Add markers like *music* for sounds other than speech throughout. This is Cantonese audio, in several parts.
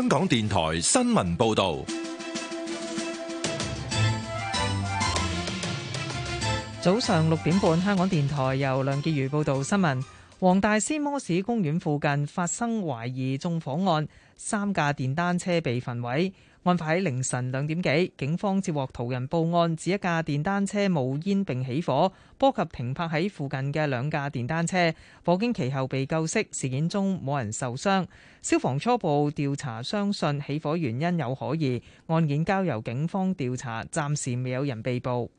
香港電台新聞報道，早上六點半，香港電台由梁潔如報道新聞，黃大仙摩士公園附近發生懷疑縱火案，三架電單車被焚毀。案發喺凌晨兩點幾，警方接獲途人報案指，一架電單車冒煙並起火，波及停泊喺附近嘅兩架電單車。火警其後被救熄，事件中冇人受傷。消防初步調查相信起火原因有可疑，案件交由警方調查，暫時未有人被捕。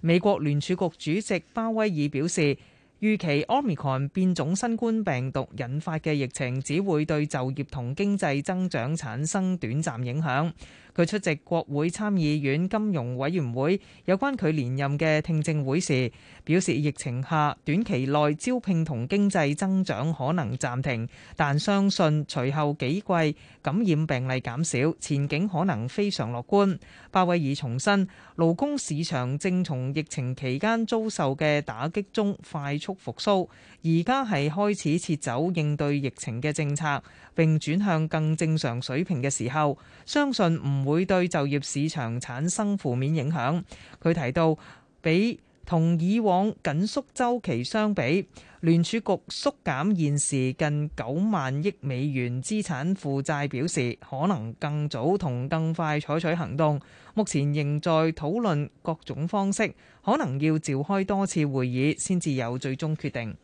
美國聯儲局主席鮑威爾表示，預期 Omicron 變種新冠病毒引發嘅疫情，只會對就業同經濟增長產生短暫影響。佢出席國會參議院金融委員會有關佢連任嘅聽證會時，表示疫情下短期內招聘同經濟增長可能暫停，但相信隨後幾季感染病例減少，前景可能非常樂觀。鮑威爾重申，勞工市場正從疫情期間遭受嘅打擊中快速復甦，而家係開始撤走應對疫情嘅政策，並轉向更正常水平嘅時候，相信唔會對就業市場產生負面影響。佢提到，比同以往緊縮周期相比，聯儲局縮減現時近九萬億美元資產負債表，表示可能更早同更快採取行動。目前仍在討論各種方式，可能要召開多次會議先至有最終決定。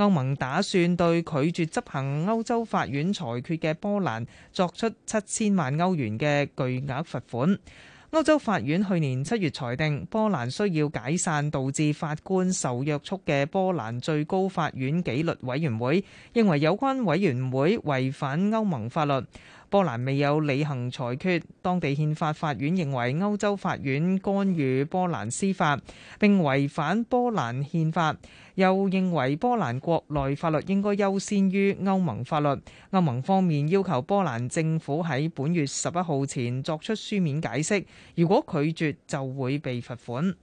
歐盟打算對拒絕執行歐洲法院裁決嘅波蘭作出七千萬歐元嘅巨額罰款。歐洲法院去年七月裁定，波蘭需要解散導致法官受約束嘅波蘭最高法院紀律委員會，認為有關委員會違反歐盟法律。波蘭未有履行裁決，當地憲法法院認為歐洲法院干預波蘭司法，並違反波蘭憲法，又認為波蘭國內法律應該優先於歐盟法律。歐盟方面要求波蘭政府喺本月十一號前作出書面解釋，如果拒絕就會被罰款。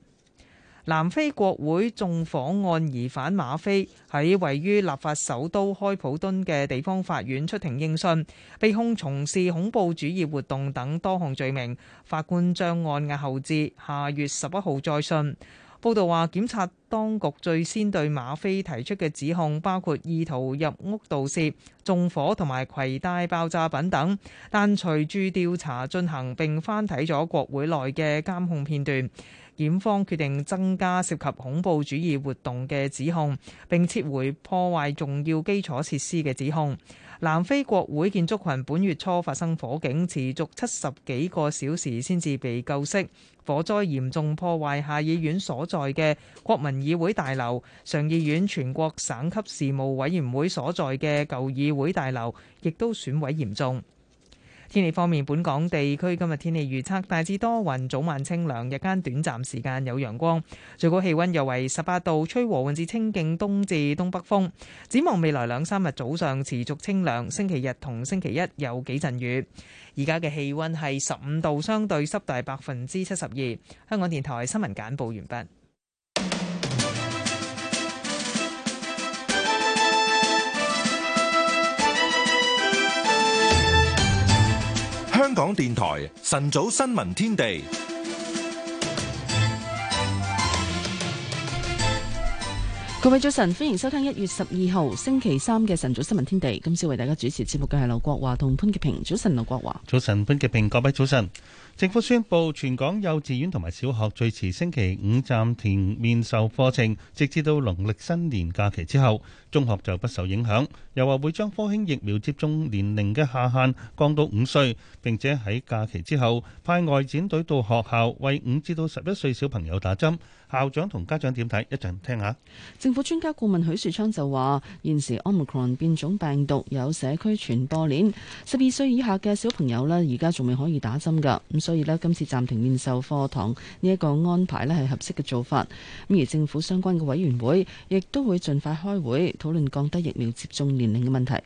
南非國會縱火案疑犯馬菲喺位於立法首都開普敦嘅地方法院出庭應訊，被控從事恐怖主義活動等多項罪名。法官將案押後至下月十一號再訊。報道話檢察當局最先對馬菲提出嘅指控包括意圖入屋盜竊縱火同埋攜帶爆炸品等，但隨住調查進行，並翻睇咗國會內嘅監控片段。檢方決定增加涉及恐怖主義活動嘅指控，並撤回破壞重要基礎設施嘅指控。南非國會建築群本月初發生火警，持續七十幾個小時先至被救熄。火災嚴重破壞下議院所在嘅國民議會大樓，上議院全國省級事務委員會所在嘅舊議會大樓，亦都損毀嚴重。天氣方面，本港地區今日天氣預測大致多雲，早晚清涼，日間短暫時間有陽光，最高氣温約為十八度，吹和緩至清勁東至東北風。展望未來兩三日早上持續清涼，星期日同星期一有幾陣雨。而家嘅氣温係十五度，相對濕度百分之七十二。香港電台新聞簡報完畢。香港電台晨早新聞天地，各位早晨，歡迎收聽一月十二號星期三嘅晨早新聞天地。今次為大家主持節目嘅係劉國華同潘潔平。早晨，劉國華。早晨，潘潔平。各位早晨。政府宣布，全港幼稚園同埋小學最遲星期五暫停面授課程，直至到農曆新年假期之後，中學就不受影響。又話會將科興疫苗接種年齡嘅下限降到五歲，並且喺假期之後派外展隊到學校為五至到十一歲小朋友打針。校長同家長點睇？一陣聽下。政府專家顧問許樹昌就話：現時 Omicron 變種病毒有社區傳播鏈，十二歲以下嘅小朋友呢，而家仲未可以打針㗎。所以呢，今次暫停面授課堂呢一個安排呢，係合適嘅做法。咁而政府相關嘅委員會亦都會盡快開會討論降低疫苗接種年齡嘅問題。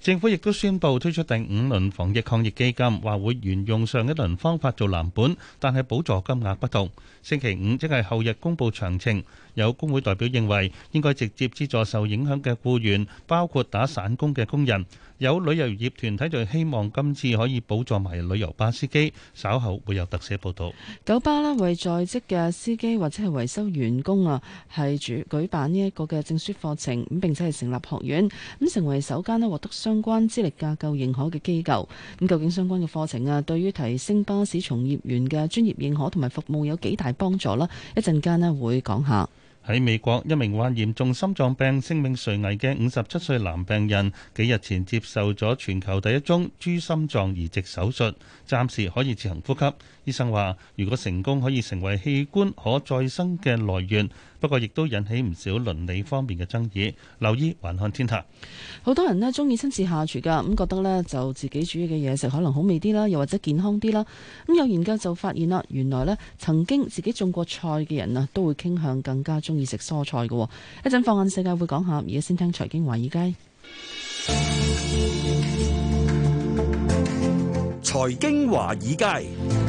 政府亦都宣布推出第五輪防疫抗疫基金，話會沿用上一輪方法做藍本，但係補助金額不同。星期五即係後日公布詳情。有工會代表認為應該直接資助受影響嘅僱員，包括打散工嘅工人。有旅遊業團體就希望今次可以補助埋旅遊巴司機，稍後會有特寫報導。九巴咧為在職嘅司機或者係維修員工啊，係主舉辦呢一個嘅證書課程，咁並且係成立學院，咁成為首間咧獲得相關資歷架構認可嘅機構。咁究竟相關嘅課程啊，對於提升巴士從業員嘅專業認可同埋服務有幾大幫助咧？一陣間咧會講下。喺美國，一名患嚴重心臟病、性命垂危嘅五十七歲男病人，幾日前接受咗全球第一宗豬心臟移植手術，暫時可以自行呼吸。醫生話，如果成功，可以成為器官可再生嘅來源。不過亦都引起唔少倫理方面嘅爭議。留意環看天下，好多人呢鍾意親自下廚㗎，咁覺得呢就自己煮嘅嘢食可能好味啲啦，又或者健康啲啦。咁有研究就發現啦，原來呢曾經自己種過菜嘅人啊，都會傾向更加鍾意食蔬菜嘅。一陣放眼世界會講下，而家先聽財經華爾街。財經華爾街。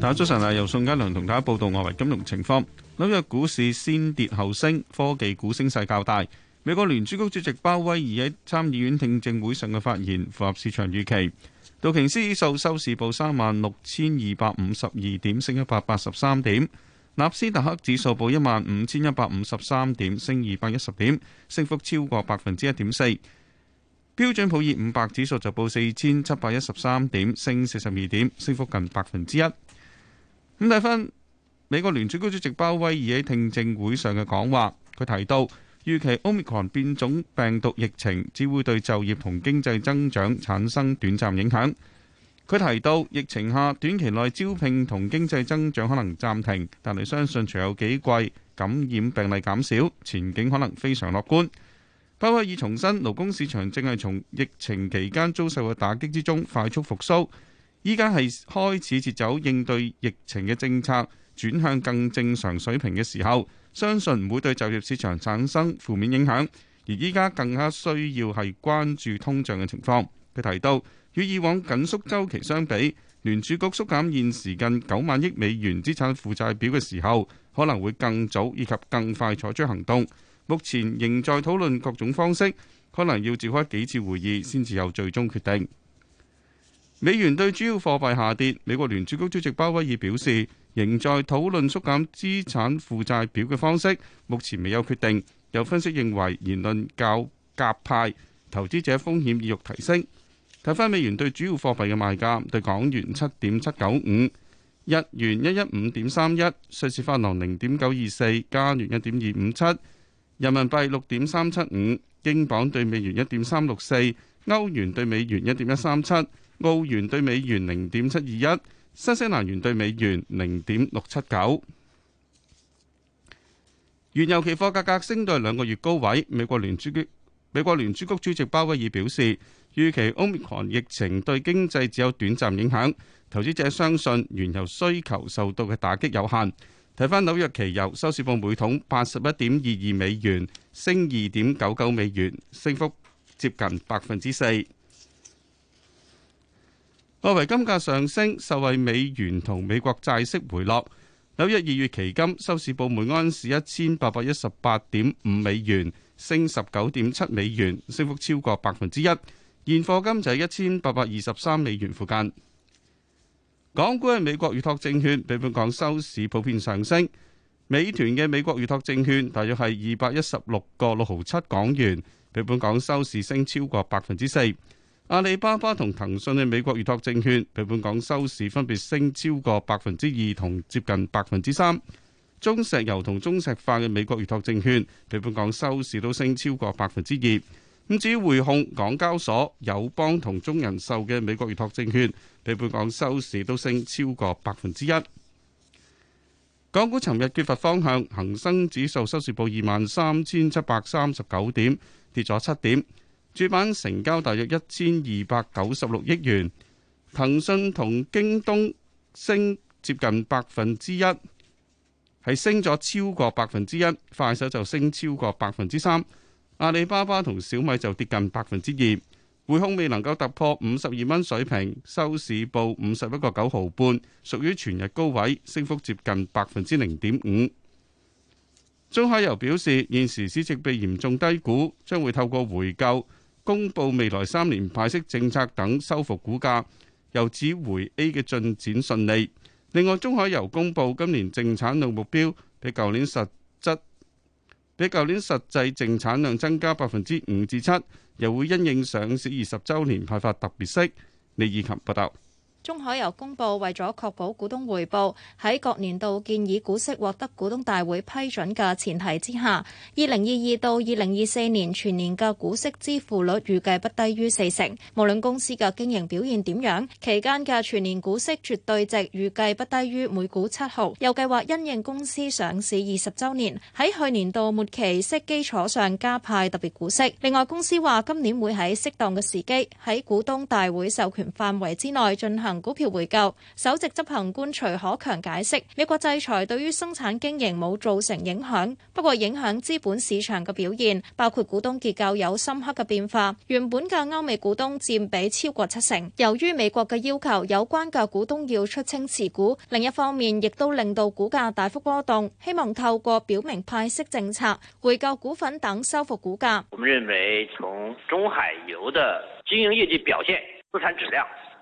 大家早晨啊！由宋嘉良同大家報道外圍金融情況。紐約股市先跌後升，科技股升勢較大。美國聯儲局主席鮑威爾喺參議院聽證會上嘅發言符合市場預期。道瓊斯指數收市報三萬六千二百五十二點，升一百八十三點；納斯達克指數報一萬五千一百五十三點，升二百一十點，升幅超過百分之一點四。標準普爾五百指數就報四千七百一十三點，升四十二點，升幅近百分之一。咁睇翻美國聯儲局主席鮑威爾喺聽證會上嘅講話，佢提到預期 Omicron 變種病毒疫情只會對就業同經濟增長產生短暫影響。佢提到疫情下短期內招聘同經濟增長可能暫停，但係相信隨後幾季感染病例減少，前景可能非常樂觀。鮑威爾重申勞工市場正係從疫情期間遭受嘅打擊之中快速復甦。依家係開始撤走應對疫情嘅政策，轉向更正常水平嘅時候，相信唔會對就業市場產生負面影響。而依家更加需要係關注通脹嘅情況。佢提到，與以往緊縮週期相比，聯儲局縮減現時近九萬億美元資產負債表嘅時候，可能會更早以及更快採取行動。目前仍在討論各種方式，可能要召開幾次會議，先至有最終決定。美元兌主要貨幣下跌。美國聯儲局主席鮑威爾表示，仍在討論縮減資產負債表嘅方式，目前未有決定。有分析認為言論較鴿派，投資者風險意欲提升。睇返美元兌主要貨幣嘅賣價，對港元七點七九五，日元一一五點三一，瑞士法郎零點九二四，加元一點二五七，人民幣六點三七五，英鎊對美元一點三六四，歐元對美元一點一三七。澳元兌美元零點七二一，新西蘭元兌美元零點六七九。原油期貨價格升到兩個月高位。美國聯儲局美國聯儲局主席鮑威爾表示，預期奧密克戎疫情對經濟只有短暫影響。投資者相信原油需求受到嘅打擊有限。睇翻紐約期油收市報每桶八十一點二二美元，升二點九九美元，升幅接近百分之四。外圍金價上升，受惠美元同美國債息回落。紐約二月期金收市報每安士一千八百一十八點五美元，升十九點七美元，升幅超過百分之一。現貨金就係一千八百二十三美元附近。港股嘅美國預託證券，俾本港收市普遍上升。美團嘅美國預託證券大約係二百一十六個六毫七港元，俾本港收市升超過百分之四。阿里巴巴同騰訊嘅美國預託證券，比本港收市分別升超過百分之二同接近百分之三；中石油同中石化嘅美國預託證券，比本港收市都升超過百分之二。咁至於匯控、港交所、友邦同中人壽嘅美國預託證券，比本港收市都升超過百分之一。港股尋日缺乏方向，恒生指數收市報二萬三千七百三十九點，跌咗七點。主板成交大約一千二百九十六億元，騰訊同京東升接近百分之一，係升咗超過百分之一，快手就升超過百分之三，阿里巴巴同小米就跌近百分之二，匯控未能夠突破五十二蚊水平，收市報五十一個九毫半，屬於全日高位，升幅接近百分之零點五。中海油表示，現時市值被嚴重低估，將會透過回購、公佈未來三年派息政策等修復股價，又指回 A 嘅進展順利。另外，中海油公佈今年淨產量目標比舊年實質比舊年實際淨產量增加百分之五至七，又會因應上市二十週年派發特別息。李以琴報道。中海油公布，為咗確保股東回報，喺各年度建議股息獲得股東大會批准嘅前提之下，二零二二到二零二四年全年嘅股息支付率預計不低於四成。無論公司嘅經營表現點樣，期間嘅全年股息絕對值預計不低於每股七毫。又計劃因應公司上市二十周年，喺去年度末期息基礎上加派特別股息。另外，公司話今年會喺適當嘅時機喺股東大會授權範圍之內進行。股票回購首席執行官徐可強解釋：美國制裁對於生產經營冇造成影響，不過影響資本市場嘅表現，包括股東結構有深刻嘅變化。原本嘅歐美股東佔比超過七成，由於美國嘅要求，有關嘅股東要出清持股。另一方面，亦都令到股價大幅波動。希望透過表明派息政策、回購股份等收股，修復股價。我們認為，從中海油的經營業績表現、資產質量。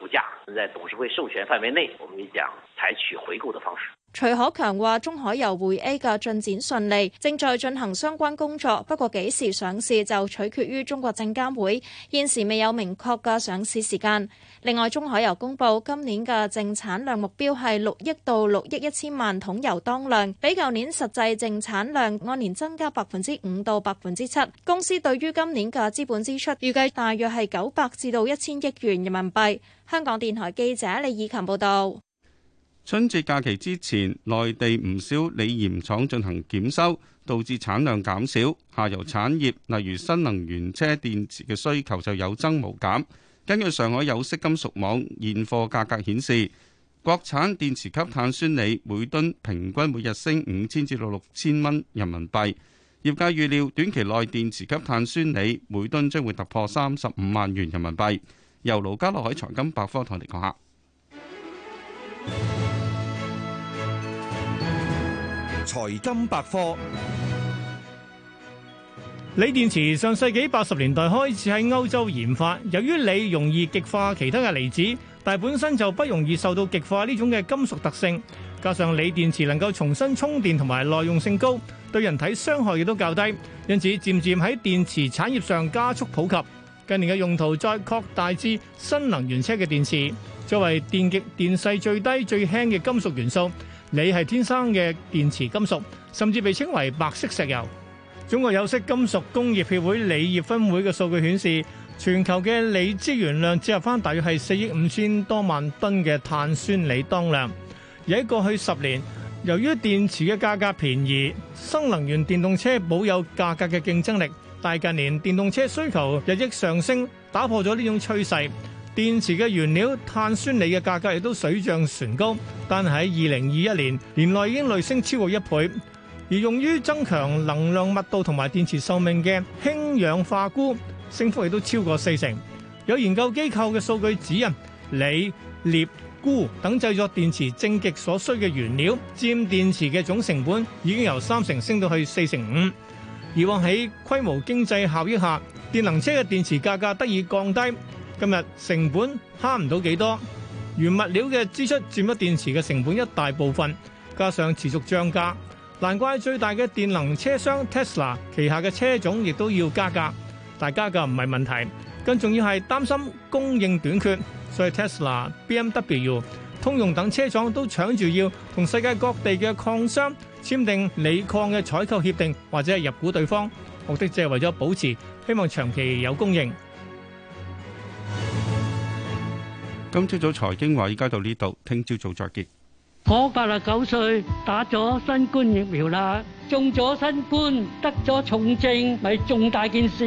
股價在董事會授權範圍內，我們講採取回購的方式。徐可強話：中海油回 A 嘅進展順利，正在進行相關工作。不過幾時上市就取決於中國證監會，現時未有明確嘅上市時間。另外，中海油公布今年嘅淨產量目標係六億到六億一千萬桶油當量，比舊年實際淨產量按年增加百分之五到百分之七。公司對於今年嘅資本支出預計大約係九百至到一千億元人民幣。香港電台記者李以琴報道：春節假期之前，內地唔少鋰鹽廠進行檢修，導致產量減少，下游產業例如新能源車電池嘅需求就有增無減。根據上海有色金屬網現貨價格顯示，國產電池級碳酸鋰每噸平均每日升五千至到六千蚊人民幣。業界預料短期內電池級碳酸鋰每噸將會突破三十五萬元人民幣。由盧家樂喺財金百科同你講下，財金百科，鋰電池上世紀八十年代開始喺歐洲研發。由於鋰容易極化其他嘅離子，但本身就不容易受到極化呢種嘅金屬特性。加上鋰電池能夠重新充電同埋耐用性高，對人體傷害亦都較低，因此漸漸喺電池產業上加速普及。近年嘅用途再擴大至新能源車嘅電池。作為電極電勢最低、最輕嘅金屬元素，鋰係天生嘅電池金屬，甚至被稱為白色石油。中國有色金屬工業協會鋰業分會嘅數據顯示，全球嘅鋰資源量折合翻大約係四億五千多萬噸嘅碳酸鋰當量。而喺過去十年，由於電池嘅價格便宜，新能源電動車保有價格嘅競爭力。但近年電動車需求日益上升，打破咗呢種趨勢。電池嘅原料碳酸鋰嘅價格亦都水漲船高，但喺二零二一年年內已經累升超過一倍。而用於增強能量密度同埋電池壽命嘅氫氧化鈷，升幅亦都超過四成。有研究機構嘅數據指引，鋰、鎳、鈷等製作電池正極所需嘅原料，佔電池嘅總成本已經由三成升到去四成五。以往喺規模經濟效益下，電能車嘅電池價格得以降低。今日成本慳唔到幾多，原物料嘅支出佔咗電池嘅成本一大部分，加上持續漲價，難怪最大嘅電能車商 Tesla 旗下嘅車種亦都要加價。但加價唔係問題，更重要係擔心供應短缺，所以 Tesla、BMW、通用等車廠都搶住要同世界各地嘅礦商。簽訂鋰礦嘅採購協定，或者係入股對方，目的只係為咗保持，希望長期有供應。今朝早財經話依家到呢度，聽朝早再結。我八十九歲，打咗新冠疫苗啦，中咗新冠，得咗重症，咪重大件事。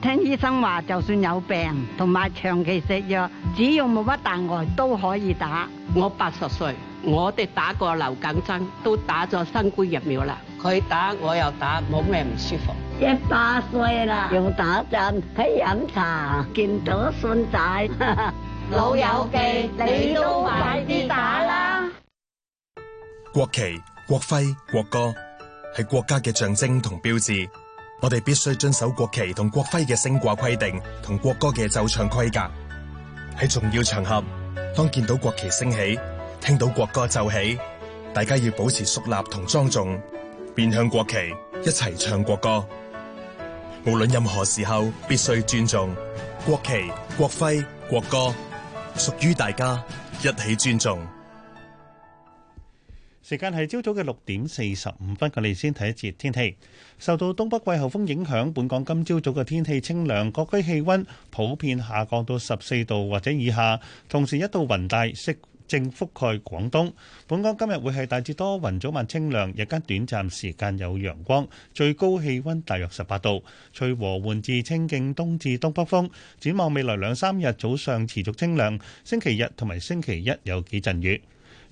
聽醫生話，就算有病同埋長期食藥，只要冇乜大礙都可以打。我八十歲。我哋打過流感針，都打咗新冠疫苗啦。佢打我又打，冇咩唔舒服。一百歲啦，又打針，喺飲茶見到孫仔。老友記，你都快啲打啦！國旗、國徽、國歌，係國家嘅象徵同標誌，我哋必須遵守國旗同國徽嘅升掛規定，同國歌嘅奏唱規格。喺重要場合，當見到國旗升起。聽到國歌奏起，大家要保持肅立同莊重，面向國旗一齊唱國歌。無論任何時候，必須尊重國旗、國徽、國歌，屬於大家，一起尊重。時間係朝早嘅六點四十五分，我哋先睇一節天氣。受到東北季候風影響，本港今朝早嘅天氣清涼，各區氣溫普遍下降到十四度或者以下，同時一道雲帶式。色正覆蓋廣東，本港今日會係大致多雲，早晚清涼，日間短暫時間有陽光，最高氣溫大約十八度，隨和緩至清勁東至東北風。展望未來兩三日早上持續清涼，星期日同埋星期一有幾陣雨。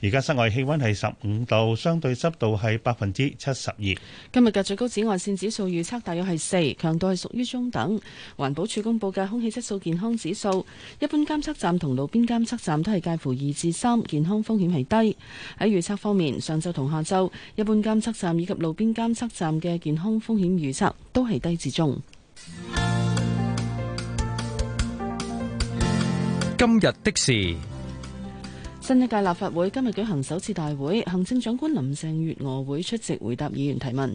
而家室外氣溫係十五度，相對濕度係百分之七十二。今日嘅最高紫外線指數預測大約係四，強度係屬於中等。環保署公布嘅空氣質素健康指數，一般監測站同路邊監測站都係介乎二至三，健康風險係低。喺預測方面，上晝同下晝，一般監測站以及路邊監測站嘅健康風險預測都係低至中。今日的事。新一屆立法會今日舉行首次大會，行政長官林鄭月娥會出席回答議員提問。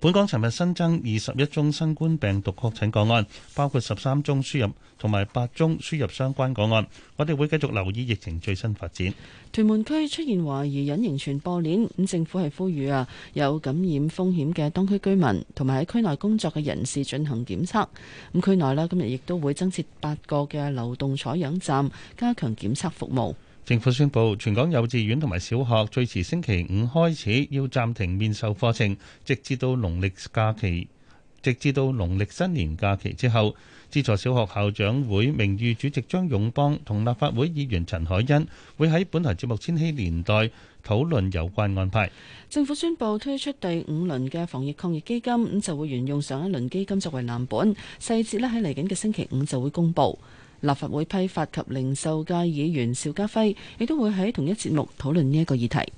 本港尋日新增二十一宗新冠病毒確診個案，包括十三宗輸入同埋八宗輸入相關個案。我哋會繼續留意疫情最新發展。屯門區出現懷疑隱形傳播鏈，咁政府係呼籲啊有感染風險嘅當區居民同埋喺區內工作嘅人士進行檢測。咁區內啦，今日亦都會增設八個嘅流動採樣站，加強檢測服務。政府宣布，全港幼稚園同埋小學最遲星期五開始要暫停面授課程，直至到農曆假期，直至到農曆新年假期之後。資助小學校長會名譽主席張勇邦同立法會議員陳海欣會喺本台節目《千禧年代》討論有關安排。政府宣布推出第五輪嘅防疫抗疫基金，咁就會沿用上一輪基金作為藍本，細節呢喺嚟緊嘅星期五就會公布。立法會批發及零售界議員邵家輝亦都會喺同一節目討論呢一個議題。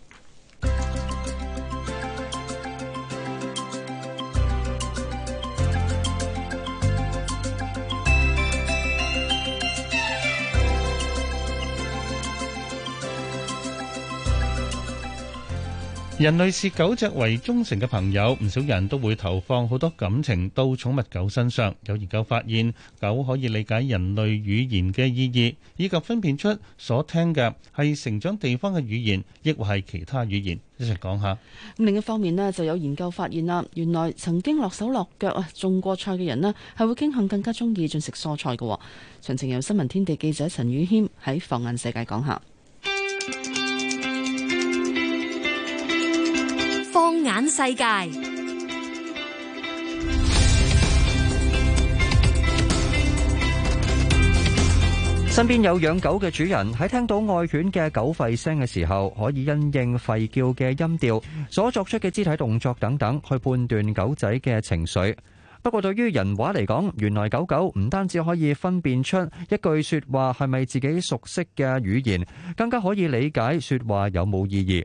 人類視狗隻為忠誠嘅朋友，唔少人都會投放好多感情到寵物狗身上。有研究發現，狗可以理解人類語言嘅意義，以及分辨出所聽嘅係成長地方嘅語言，亦或係其他語言。一齊講下。另一方面呢，就有研究發現啦，原來曾經落手落腳啊種過菜嘅人呢，係會傾向更加鍾意進食蔬菜嘅。詳情由新聞天地記者陳宇謙喺放眼世界講下。放眼世界，身邊有養狗嘅主人喺聽到愛犬嘅狗吠聲嘅時候，可以因應吠叫嘅音調、所作出嘅肢體動作等等，去判斷狗仔嘅情緒。不過，對於人話嚟講，原來狗狗唔單止可以分辨出一句說話係咪自己熟悉嘅語言，更加可以理解說話有冇意義。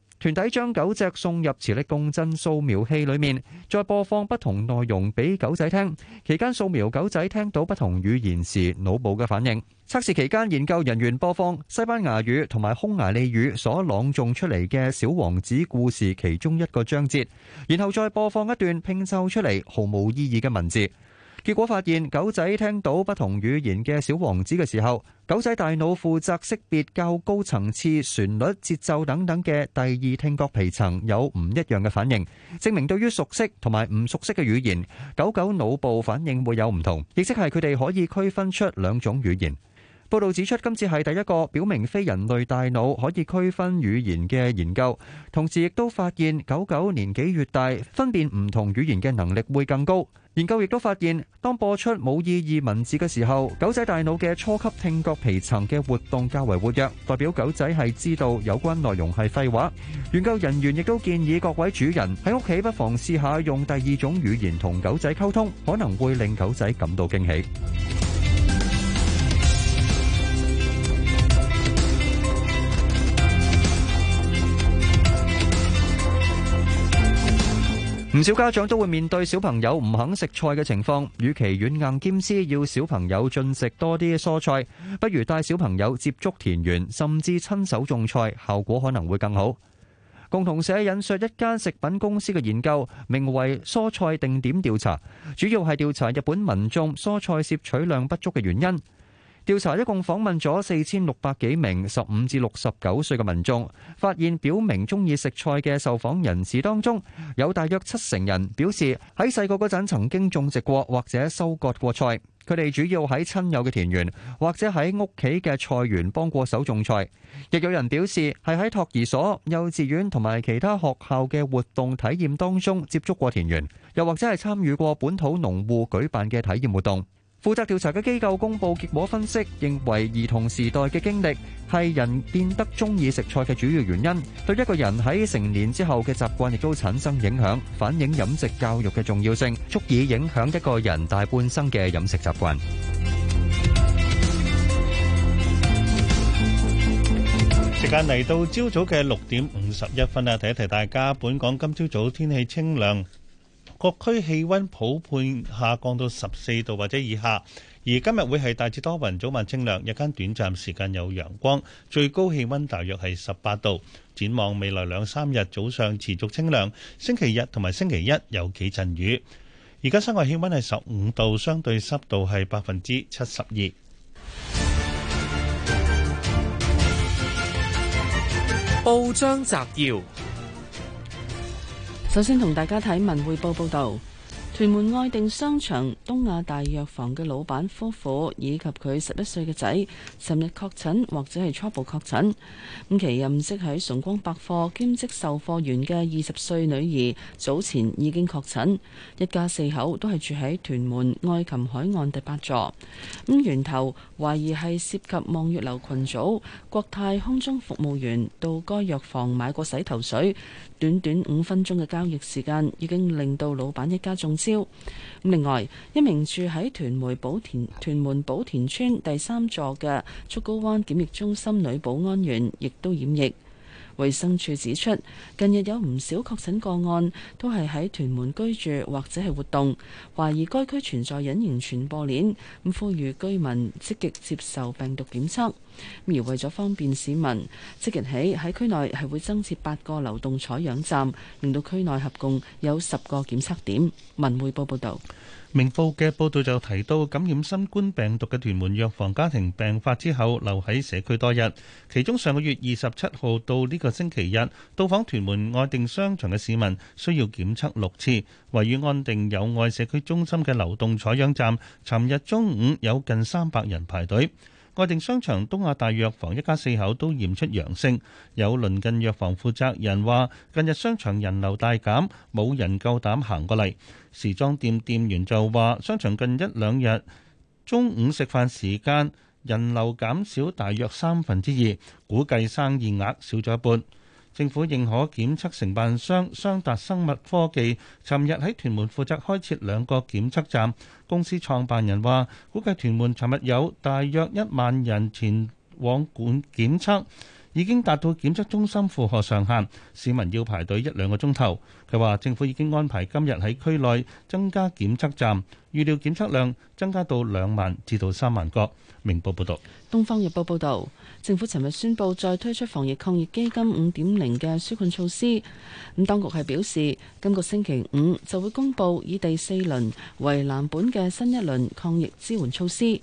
團體將九隻送入磁力共振掃描器裏面，再播放不同內容俾狗仔聽，期間掃描狗仔聽到不同語言時腦部嘅反應。測試期間，研究人員播放西班牙語同埋匈牙利語所朗誦出嚟嘅《小王子》故事其中一個章節，然後再播放一段拼湊出嚟毫無意義嘅文字。結果發現，狗仔聽到不同語言嘅《小王子》嘅時候，狗仔大腦負責識別較高層次旋律、節奏等等嘅第二聽覺皮層有唔一樣嘅反應，證明對於熟悉同埋唔熟悉嘅語言，狗狗腦部反應會有唔同，亦即係佢哋可以區分出兩種語言。報道指出，今次係第一個表明非人類大腦可以區分語言嘅研究，同時亦都發現狗狗年紀越大，分辨唔同語言嘅能力會更高。研究亦都發現，當播出冇意義文字嘅時候，狗仔大腦嘅初級聽覺皮層嘅活動較為活躍，代表狗仔係知道有關內容係廢話。研究人員亦都建議各位主人喺屋企不妨試下用第二種語言同狗仔溝通，可能會令狗仔感到驚喜。唔少家長都會面對小朋友唔肯食菜嘅情況，與其軟硬兼施要小朋友進食多啲蔬菜，不如帶小朋友接觸田園，甚至親手種菜，效果可能會更好。共同社引述一間食品公司嘅研究，名為「蔬菜定點調查」，主要係調查日本民眾蔬菜攝取量不足嘅原因。調查一共訪問咗四千六百幾名十五至六十九歲嘅民眾，發現表明鍾意食菜嘅受訪人士當中有大約七成人表示喺細個嗰陣曾經種植過或者收割過菜，佢哋主要喺親友嘅田園或者喺屋企嘅菜園幫過手種菜，亦有人表示係喺托兒所、幼稚園同埋其他學校嘅活動體驗當中接觸過田園，又或者係參與過本土農戶舉辦嘅體驗活動。負責調查嘅機構公布結果分析，認為兒童時代嘅經歷係人變得中意食菜嘅主要原因，對一個人喺成年之後嘅習慣亦都產生影響，反映飲食教育嘅重要性，足以影響一個人大半生嘅飲食習慣。時間嚟到朝早嘅六點五十一分啦，提一提大家，本港今朝早天氣清涼。各區氣溫普遍下降到十四度或者以下，而今日會係大致多雲，早晚清涼，日間短暫時間有陽光，最高氣溫大約係十八度。展望未來兩三日早上持續清涼，星期日同埋星期一有幾陣雨。而家室外氣溫係十五度，相對濕度係百分之七十二。報章摘要。首先同大家睇文匯報報道，屯門愛定商場東亞大藥房嘅老闆夫婦以及佢十一歲嘅仔，尋日確診或者係初步確診。咁其任職喺崇光百貨兼職售貨員嘅二十歲女兒，早前已經確診。一家四口都係住喺屯門愛琴海岸第八座。咁源頭懷疑係涉及望月樓群組，國泰空中服務員到該藥房買過洗頭水。短短五分鐘嘅交易時間已經令到老闆一家中招。另外，一名住喺屯門寶田屯門寶田村第三座嘅竹篙灣檢疫中心女保安員亦都染疫。衛生署指出，近日有唔少確診個案都係喺屯門居住或者係活動，懷疑該區存在隱形傳播鏈，咁呼籲居民積極接受病毒檢測。而為咗方便市民，即日起喺區內係會增設八個流動採樣站，令到區內合共有十個檢測點。文匯報報道。明報嘅報導就提到，感染新冠病毒嘅屯門藥房家庭病發之後，留喺社區多日。其中上個月二十七號到呢個星期日，到訪屯門愛定商場嘅市民需要檢測六次。位於安定友愛社區中心嘅流動採樣站，尋日中午有近三百人排隊。愛定商場東亞大藥房一家四口都驗出陽性，有鄰近藥房負責人話：近日商場人流大減，冇人夠膽行過嚟。時裝店店員就話：商場近一兩日中午食飯時間人流減少大約三分之二，估計生意額少咗一半。政府認可檢測承辦商相達生物科技，尋日喺屯門負責開設兩個檢測站。公司創辦人話，估計屯門尋日有大約一萬人前往管檢測，已經達到檢測中心負荷上限。市民要排隊一兩個鐘頭。佢話，政府已經安排今日喺區內增加檢測站，預料檢測量增加到兩萬至到三萬個。明報報道，東方日報報道，政府尋日宣布再推出防疫抗疫基金五點零嘅紓困措施。咁當局係表示，今個星期五就會公布以第四輪為藍本嘅新一輪抗疫支援措施。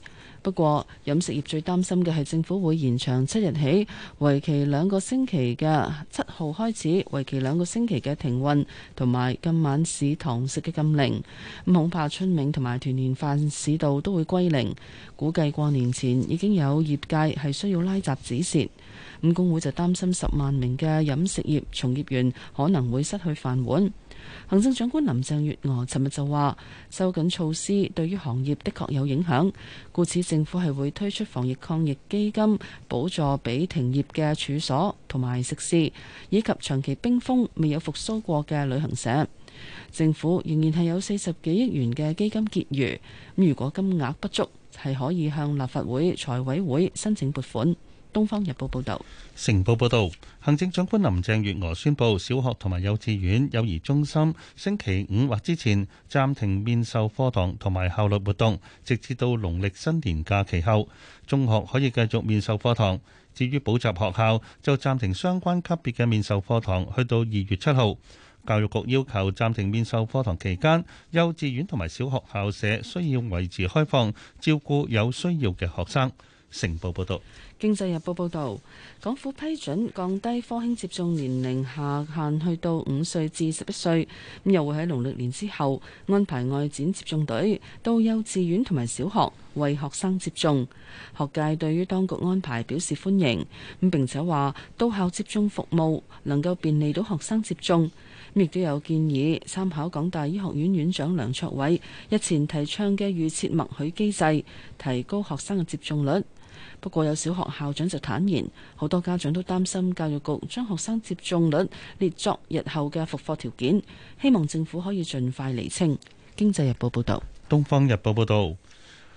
不過，飲食業最擔心嘅係政府會延長七日起為期兩個星期嘅七號開始為期兩個星期嘅停運，同埋今晚市堂食嘅禁令。咁恐怕春茗同埋團年飯市道都會歸零。估計過年前已經有業界係需要拉閘止蝕。咁工會就擔心十萬名嘅飲食業從業員可能會失去飯碗。行政長官林鄭月娥尋日就話，收緊措施對於行業的確有影響，故此政府係會推出防疫抗疫基金，補助俾停業嘅處所同埋食肆，以及長期冰封未有復蘇過嘅旅行社。政府仍然係有四十幾億元嘅基金結餘，咁如果金額不足，係可以向立法會財委會申請撥款。《東方日報，報》報道，《城報》報道，行政長官林鄭月娥宣布，小學同埋幼稚園、幼兒中心星期五或之前暫停面授課堂同埋校內活動，直至到農曆新年假期後，中學可以繼續面授課堂。至於補習學校，就暫停相關級別嘅面授課堂，去到二月七號。教育局要求暫停面授課堂期間，幼稚園同埋小學校舍需要維持開放，照顧有需要嘅學生。成報報導，《經濟日報》報導，港府批准降低科興接種年齡下限，去到五歲至十一歲。又會喺農曆年之後安排外展接種隊到幼稚園同埋小學為學生接種。學界對於當局安排表示歡迎，咁並且話到校接種服務能夠便利到學生接種。亦都有建議參考港大醫學院院長梁卓偉日前提倡嘅預設默許機制，提高學生嘅接種率。不過有小學校長就坦言，好多家長都擔心教育局將學生接種率列作日後嘅復課條件，希望政府可以盡快釐清。經濟日報報道，東方日報報道：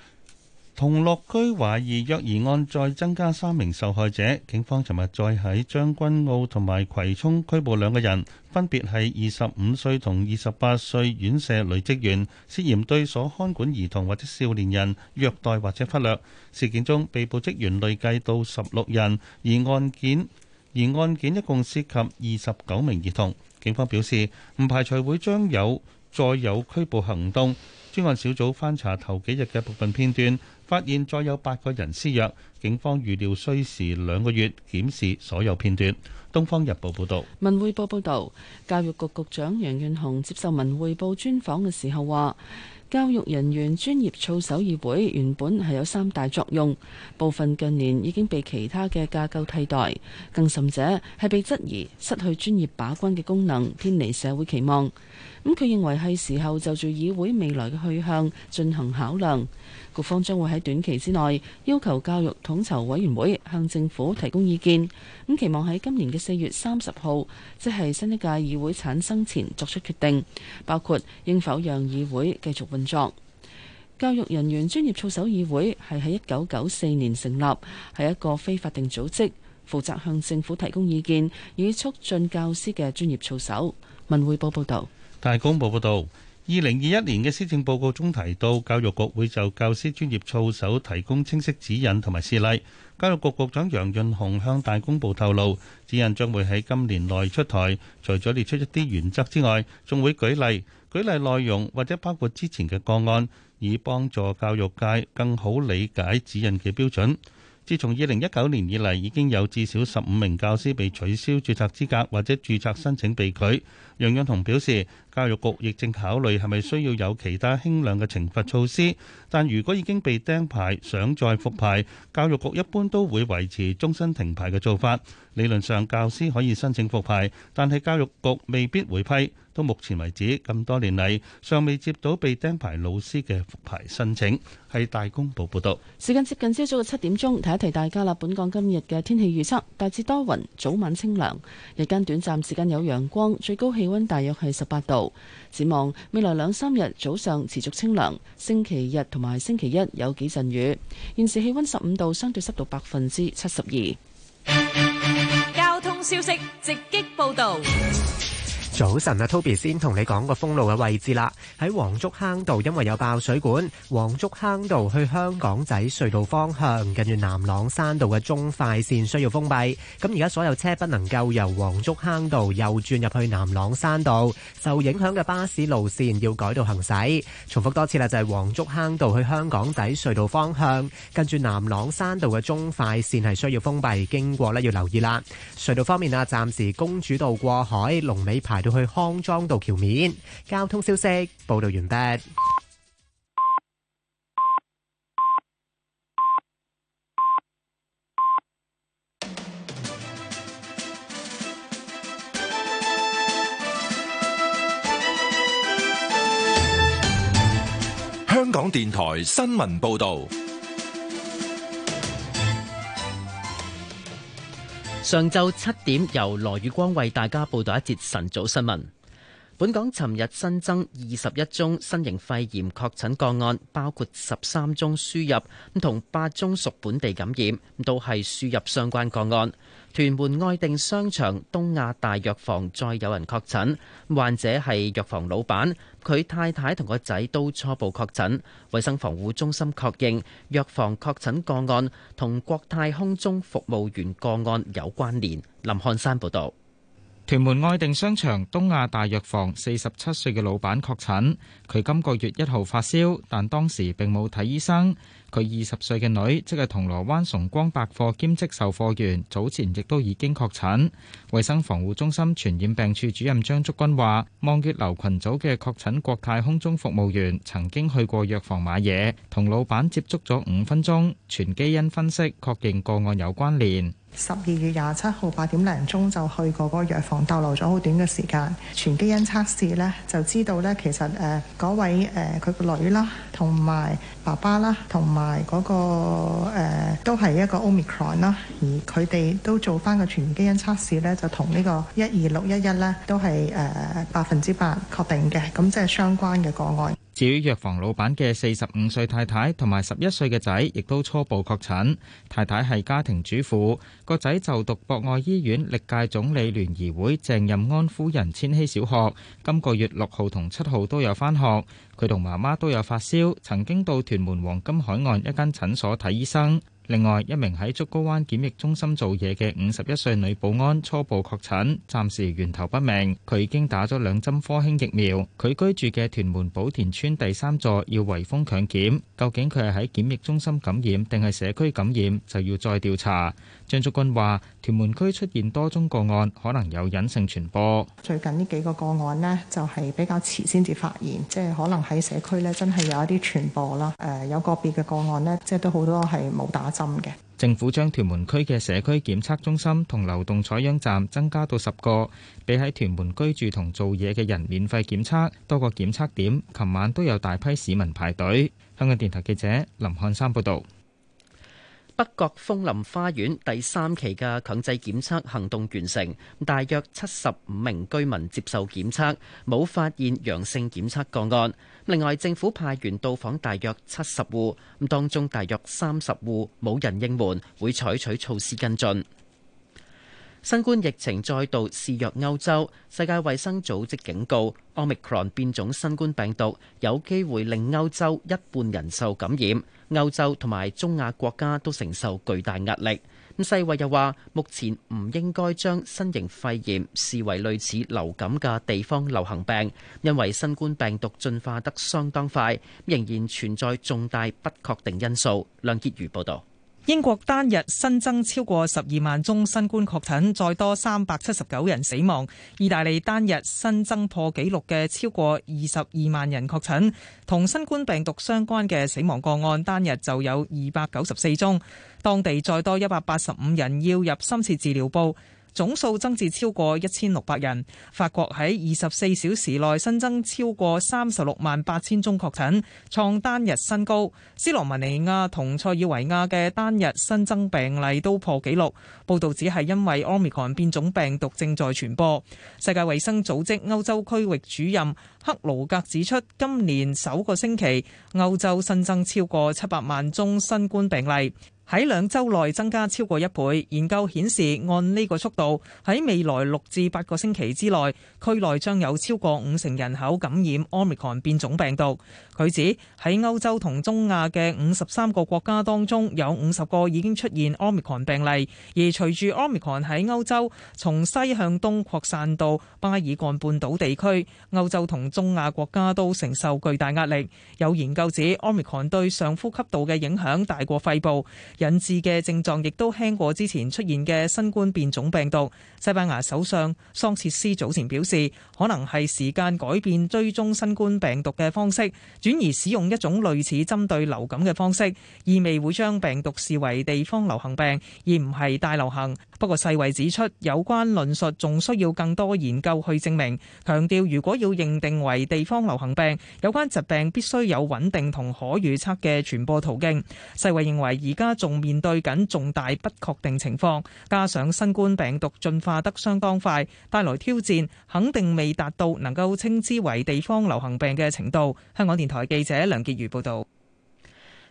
「同樂居懷疑虐兒案再增加三名受害者，警方尋日再喺將軍澳同埋葵涌拘捕兩個人。分別係二十五歲同二十八歲院舍女職員，涉嫌對所看管兒童或者少年人虐待或者忽略。事件中被捕職員累計到十六人，而案件而案件一共涉及二十九名兒童。警方表示唔排除會將有再有拘捕行動。專案小組翻查頭幾日嘅部分片段。發現再有八個人施虐，警方預料需時兩個月檢視所有片段。《東方日報》報道，《文匯報》報導，教育局局長楊潤雄接受《文匯報》專訪嘅時候話，教育人員專業操守議會原本係有三大作用，部分近年已經被其他嘅架構替代，更甚者係被質疑失去專業把關嘅功能，偏離社會期望。咁佢認為係時候就住議會未來嘅去向進行考量。局方將會喺短期之內要求教育統籌委員會向政府提供意見，咁期望喺今年嘅四月三十號，即係新一屆議會產生前作出決定，包括應否讓議會繼續運作。教育人員專業操守議會係喺一九九四年成立，係一個非法定組織，負責向政府提供意見，以促進教師嘅專業操守。文匯報報道。大公報報道。二零二一年嘅施政報告中提到，教育局會就教師專業操守提供清晰指引同埋示例。教育局局長楊潤雄向大公報透露，指引將會喺今年內出台。除咗列出一啲原則之外，仲會舉例，舉例內容或者包括之前嘅個案，以幫助教育界更好理解指引嘅標準。自從二零一九年以嚟，已經有至少十五名教師被取消註冊資格或者註冊申請被拒。楊潤雄表示，教育局亦正考慮係咪需要有其他輕量嘅懲罰措施。但如果已經被釘牌，想再復牌，教育局一般都會維持終身停牌嘅做法。理論上，教師可以申請復牌，但係教育局未必會批。到目前為止，咁多年嚟尚未接到被釘牌老師嘅復牌申請。係大公報報道，時間接近朝早嘅七點鐘，提一提大家啦。本港今日嘅天氣預測大致多雲，早晚清涼，日間短暫時間有陽光，最高氣温大約係十八度。展望未來兩三日早上持續清涼，星期日同埋星期一有幾陣雨。現時氣温十五度，相對濕度百分之七十二。交通消息直擊報導。早晨啊，Toby 先同你講個封路嘅位置啦。喺黃竹坑道，因為有爆水管，黃竹坑道去香港仔隧道方向，近住南朗山道嘅中快綫需要封閉。咁而家所有車不能夠由黃竹坑道右轉入去南朗山道。受影響嘅巴士路綫要改道行駛。重複多次啦，就係黃竹坑道去香港仔隧道方向，跟住南朗山道嘅中快綫係需要封閉，經過咧要留意啦。隧道方面啊，暫時公主道過海龍尾排到去康莊道橋面交通消息報道完畢。香港電台新聞報道。上晝七點，由羅宇光為大家報道一節晨早新聞。本港尋日新增二十一宗新型肺炎確診個案，包括十三宗輸入，咁同八宗屬本地感染，都係輸入相關個案。屯門愛定商場東亞大藥房再有人確診，患者係藥房老闆，佢太太同個仔都初步確診。衛生防護中心確認藥房確診個案同國泰空中服務員個案有關連。林漢山報導。屯門愛定商場東亞大藥房四十七歲嘅老闆確診，佢今個月一號發燒，但當時並冇睇醫生。佢二十歲嘅女即係銅鑼灣崇光百貨兼職售貨員，早前亦都已經確診。衛生防護中心傳染病處主任張竹君話，望月樓群組嘅確診國泰空中服務員曾經去過藥房買嘢，同老闆接觸咗五分鐘，全基因分析確認個案有關聯。十二月廿七號八點零鐘就去過嗰個藥房，逗留咗好短嘅時間，全基因測試呢就知道呢，其實誒嗰位，呃，誒佢個女啦，同埋，爸爸啦，那個，同埋嗰個誒都係一個 omicron 啦，而佢哋都做翻個全基因測試咧，就同呢個一二六一一咧都係誒百分之百確定嘅，咁即係相關嘅個案。至於藥房老闆嘅四十五歲太太同埋十一歲嘅仔，亦都初步確診，太太係家庭主婦，個仔就讀博愛醫院歷屆總理聯誼會鄭任安夫人千禧小學，今個月六號同七號都有翻學。佢同媽媽都有發燒，曾經到屯門黃金海岸一間診所睇醫生。另外一名喺竹篙灣檢疫中心做嘢嘅五十一歲女保安初步確診，暫時源頭不明。佢已經打咗兩針科興疫苗。佢居住嘅屯門寶田村第三座要圍封強檢，究竟佢係喺檢疫中心感染定係社區感染，就要再調查。張竹君話，屯門區出現多宗個案，可能有隱性傳播。最近呢幾個個案呢，就係比較遲先至發現，即係可能喺社區呢，真係有一啲傳播啦。誒，有個別嘅個案呢，即係都好多係冇打針嘅。政府將屯門區嘅社區檢測中心同流動採樣站增加到十個，俾喺屯門居住同做嘢嘅人免費檢測，多個檢測點。琴晚都有大批市民排隊。香港電台記者林漢山報道。北角楓林花園第三期嘅強制檢測行動完成，大約七十五名居民接受檢測，冇發現陽性檢測個案。另外，政府派員到訪大約七十戶，咁當中大約三十戶冇人應門，會採取措施跟進。新冠疫情再度肆虐歐洲，世界衛生組織警告，奧密克戎變種新冠病毒有機會令歐洲一半人受感染。歐洲同埋中亞國家都承受巨大壓力。咁世衛又話，目前唔應該將新型肺炎視為類似流感嘅地方流行病，因為新冠病毒進化得相當快，仍然存在重大不確定因素。梁潔如報導。英國單日新增超過十二萬宗新冠確診，再多三百七十九人死亡。意大利單日新增破紀錄嘅超過二十二萬人確診，同新冠病毒相關嘅死亡個案單日就有二百九十四宗。當地再多一百八十五人要入深切治療部。總數增至超過一千六百人。法國喺二十四小時內新增超過三十六萬八千宗確診，創單日新高。斯洛文尼亞同塞爾維亞嘅單日新增病例都破紀錄。報導只係因為 Omicron 變種病毒正在傳播。世界衛生組織歐洲區域主任克勞格指出，今年首個星期歐洲新增超過七百萬宗新冠病例。喺兩週內增加超過一倍。研究顯示，按呢個速度，喺未來六至八個星期之內，區內將有超過五成人口感染 o m i c 密克 n 變種病毒。佢指喺歐洲同中亞嘅五十三個國家當中，有五十個已經出現 c 密克 n 病例，而隨住 o m i c 密克 n 喺歐洲從西向東擴散到巴爾干半島地區，歐洲同中亞國家都承受巨大壓力。有研究指，o m i c 密克 n 對上呼吸道嘅影響大過肺部。引致嘅症狀亦都輕過之前出現嘅新冠變種病毒。西班牙首相桑切斯早前表示，可能係時間改變追蹤新冠病毒嘅方式，轉而使用一種類似針對流感嘅方式，意味會將病毒視為地方流行病，而唔係大流行。不過世衛指出，有關論述仲需要更多研究去證明，強調如果要認定為地方流行病，有關疾病必須有穩定同可預測嘅傳播途徑。世衛認為而家仲面對緊重大不確定情況，加上新冠病毒進化。下得相當快，帶來挑戰，肯定未達到能夠稱之為地方流行病嘅程度。香港電台記者梁潔如報導。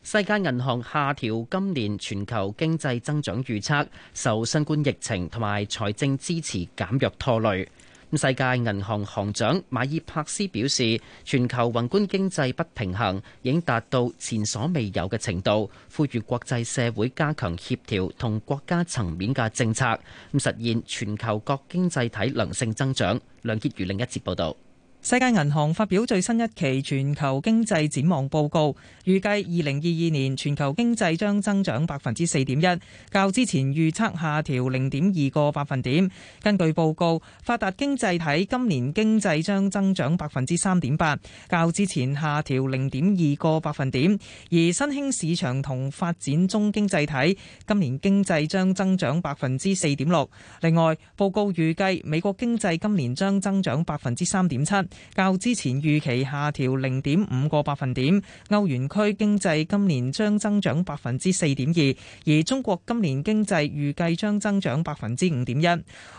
世界銀行下調今年全球經濟增長預測，受新冠疫情同埋財政支持減弱拖累。世界銀行行長馬爾帕斯表示，全球宏觀經濟不平衡已經達到前所未有嘅程度，呼籲國際社會加強協調同國家層面嘅政策，咁實現全球各經濟體良性增長。梁潔如另一節報導。世界銀行發表最新一期全球經濟展望報告，預計二零二二年全球經濟將增長百分之四點一，較之前預測下調零點二個百分點。根據報告，發達經濟體今年經濟將增長百分之三點八，較之前下調零點二個百分點，而新興市場同發展中經濟體今年經濟將增長百分之四點六。另外，報告預計美國經濟今年將增長百分之三點七。較之前預期下調零點五個百分點，歐元區經濟今年將增長百分之四點二，而中國今年經濟預計將增長百分之五點一。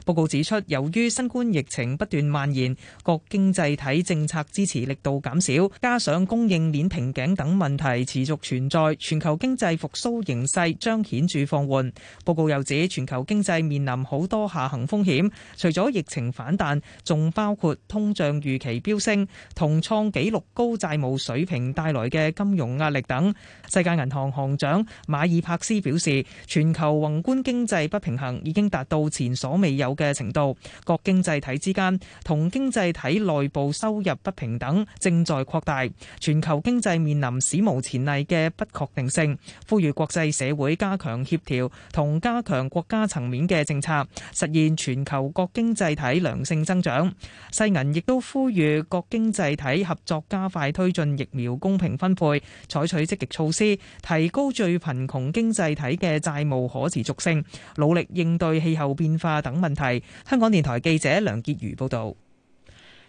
報告指出，由於新冠疫情不斷蔓延，各經濟體政策支持力度減少，加上供應鏈瓶頸等問題持續存在，全球經濟復甦形勢將顯著放緩。報告又指，全球經濟面臨好多下行風險，除咗疫情反彈，仲包括通脹預其飆升、同創紀錄高債務水平帶來嘅金融壓力等。世界銀行行長馬爾帕斯表示，全球宏觀經濟不平衡已經達到前所未有嘅程度，各經濟體之間同經濟體內部收入不平等正在擴大，全球經濟面臨史無前例嘅不確定性。呼籲國際社會加強協調同加強國家層面嘅政策，實現全球各經濟體良性增長。世銀亦都呼。與各經濟體合作，加快推進疫苗公平分配，採取積極措施，提高最貧窮經濟體嘅債務可持續性，努力應對氣候變化等問題。香港電台記者梁潔瑜報道。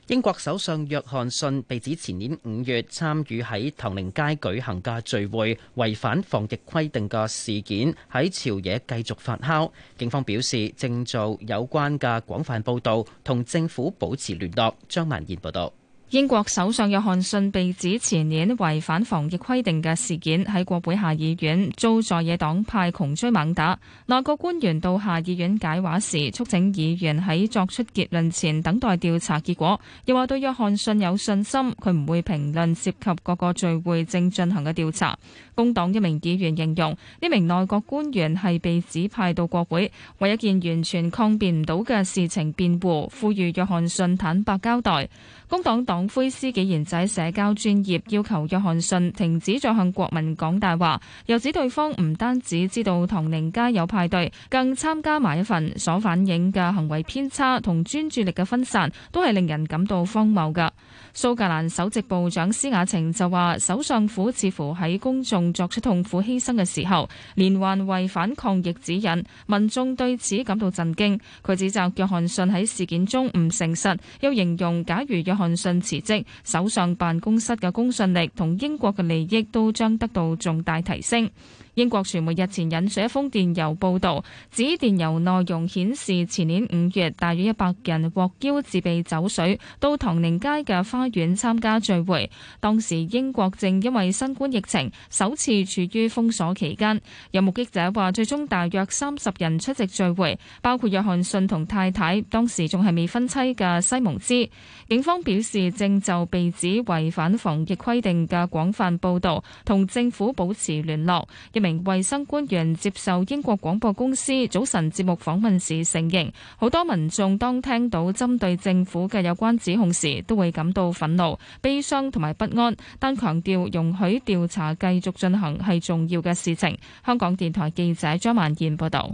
英國首相約翰遜被指前年五月參與喺唐寧街舉行嘅聚會，違反防疫規定嘅事件喺朝野繼續發酵。警方表示正做有關嘅廣泛報道，同政府保持聯絡。張曼燕報道。英國首相約翰遜被指前年違反防疫規定嘅事件，喺國會下議院遭在野黨派窮追猛打。內閣官員到下議院解話時，促請議員喺作出結論前等待調查結果，又話對約翰遜有信心，佢唔會評論涉及各個聚會正進行嘅調查。工黨一名議員形容呢名內閣官員係被指派到國會為一件完全抗辯唔到嘅事情辯護，呼籲約翰遜坦白交代。工黨黨魁司紀賢喺社交專業要求約翰遜停止再向國民講大話，又指對方唔單止知道唐寧街有派對，更參加埋一份，所反映嘅行為偏差同專注力嘅分散，都係令人感到荒謬嘅。蘇格蘭首席部長施雅晴就話，首相府似乎喺公眾作出痛苦犧牲嘅時候，連環違反抗疫指引，民眾對此感到震驚。佢指責約翰遜喺事件中唔誠實，又形容假如約翰遜辭職，首相辦公室嘅公信力同英國嘅利益都將得到重大提升。英國傳媒日前引述一封電郵報導，指電郵內容顯示前年五月，大約一百人獲邀自備酒水到唐寧街嘅花園參加聚會。當時英國正因為新冠疫情首次處於封鎖期間。有目擊者話，最終大約三十人出席聚會，包括約翰遜同太太，當時仲係未婚妻嘅西蒙斯。警方表示正就被指違反防疫規定嘅廣泛報導同政府保持聯絡。名衛生官員接受英國廣播公司早晨節目訪問時承認，好多民眾當聽到針對政府嘅有關指控時，都會感到憤怒、悲傷同埋不安。但強調容許調查繼續進行係重要嘅事情。香港電台記者張曼燕報道。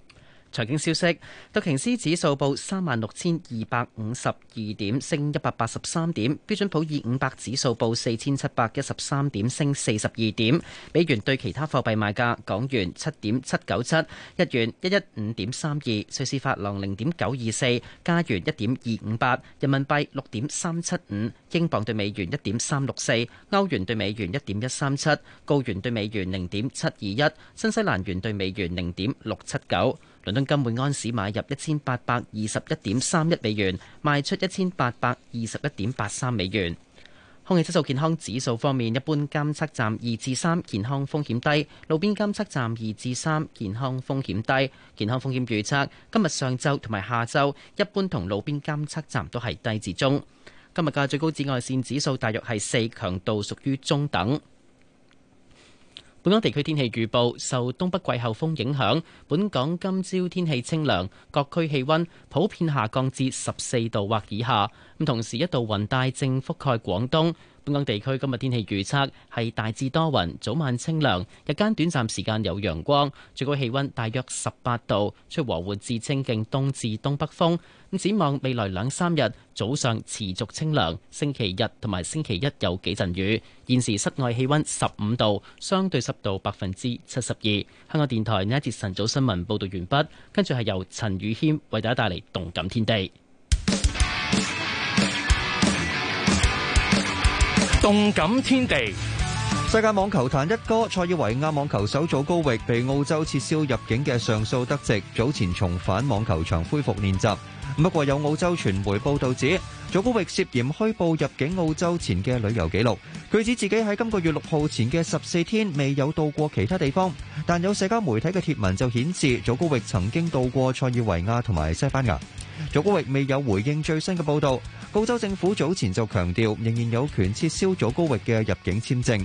財經消息：道瓊斯指數報三萬六千二百五十二點，升一百八十三點；標準普爾五百指數報四千七百一十三點，升四十二點。美元對其他貨幣賣價：港元七點七九七，日元一一五點三二，瑞士法郎零點九二四，加元一點二五八，人民幣六點三七五，英鎊對美元一點三六四，歐元對美元一點一三七，高元對美元零點七二一，新西蘭元對美元零點六七九。倫敦金每安士買入一千八百二十一點三一美元，賣出一千八百二十一點八三美元。空氣質素健康指數方面，一般監測站二至三，健康風險低；路邊監測站二至三，健康風險低。健康風險預測今日上晝同埋下晝，一般同路邊監測站都係低至中。今日嘅最高紫外線指數大約係四，強度屬於中等。本港地區天氣預報，受東北季候風影響，本港今朝天氣清涼，各區氣溫普遍下降至十四度或以下。咁同時，一道雲帶正覆蓋廣東。香港地區今日天氣預測係大致多雲，早晚清涼，日間短暫時間有陽光，最高氣温大約十八度，吹和緩至清勁東至東北風。展望未來兩三日早上持續清涼，星期日同埋星期一有幾陣雨。現時室外氣温十五度，相對濕度百分之七十二。香港電台呢一節晨早新聞報道完畢，跟住係由陳宇謙為大家帶嚟動感天地。動感天地，世界網球壇一哥塞爾維亞網球手祖高域被澳洲撤銷入境嘅上訴得直，早前重返網球場恢復練習。不過有澳洲傳媒報道指，祖高域涉嫌虛報入境澳洲前嘅旅遊記錄。佢指自己喺今個月六號前嘅十四天未有到過其他地方，但有社交媒體嘅貼文就顯示，祖高域曾經到過塞爾維亞同埋西班牙。祖高域未有回應最新嘅報道。澳洲政府早前就強調，仍然有權撤銷祖高域嘅入境簽證。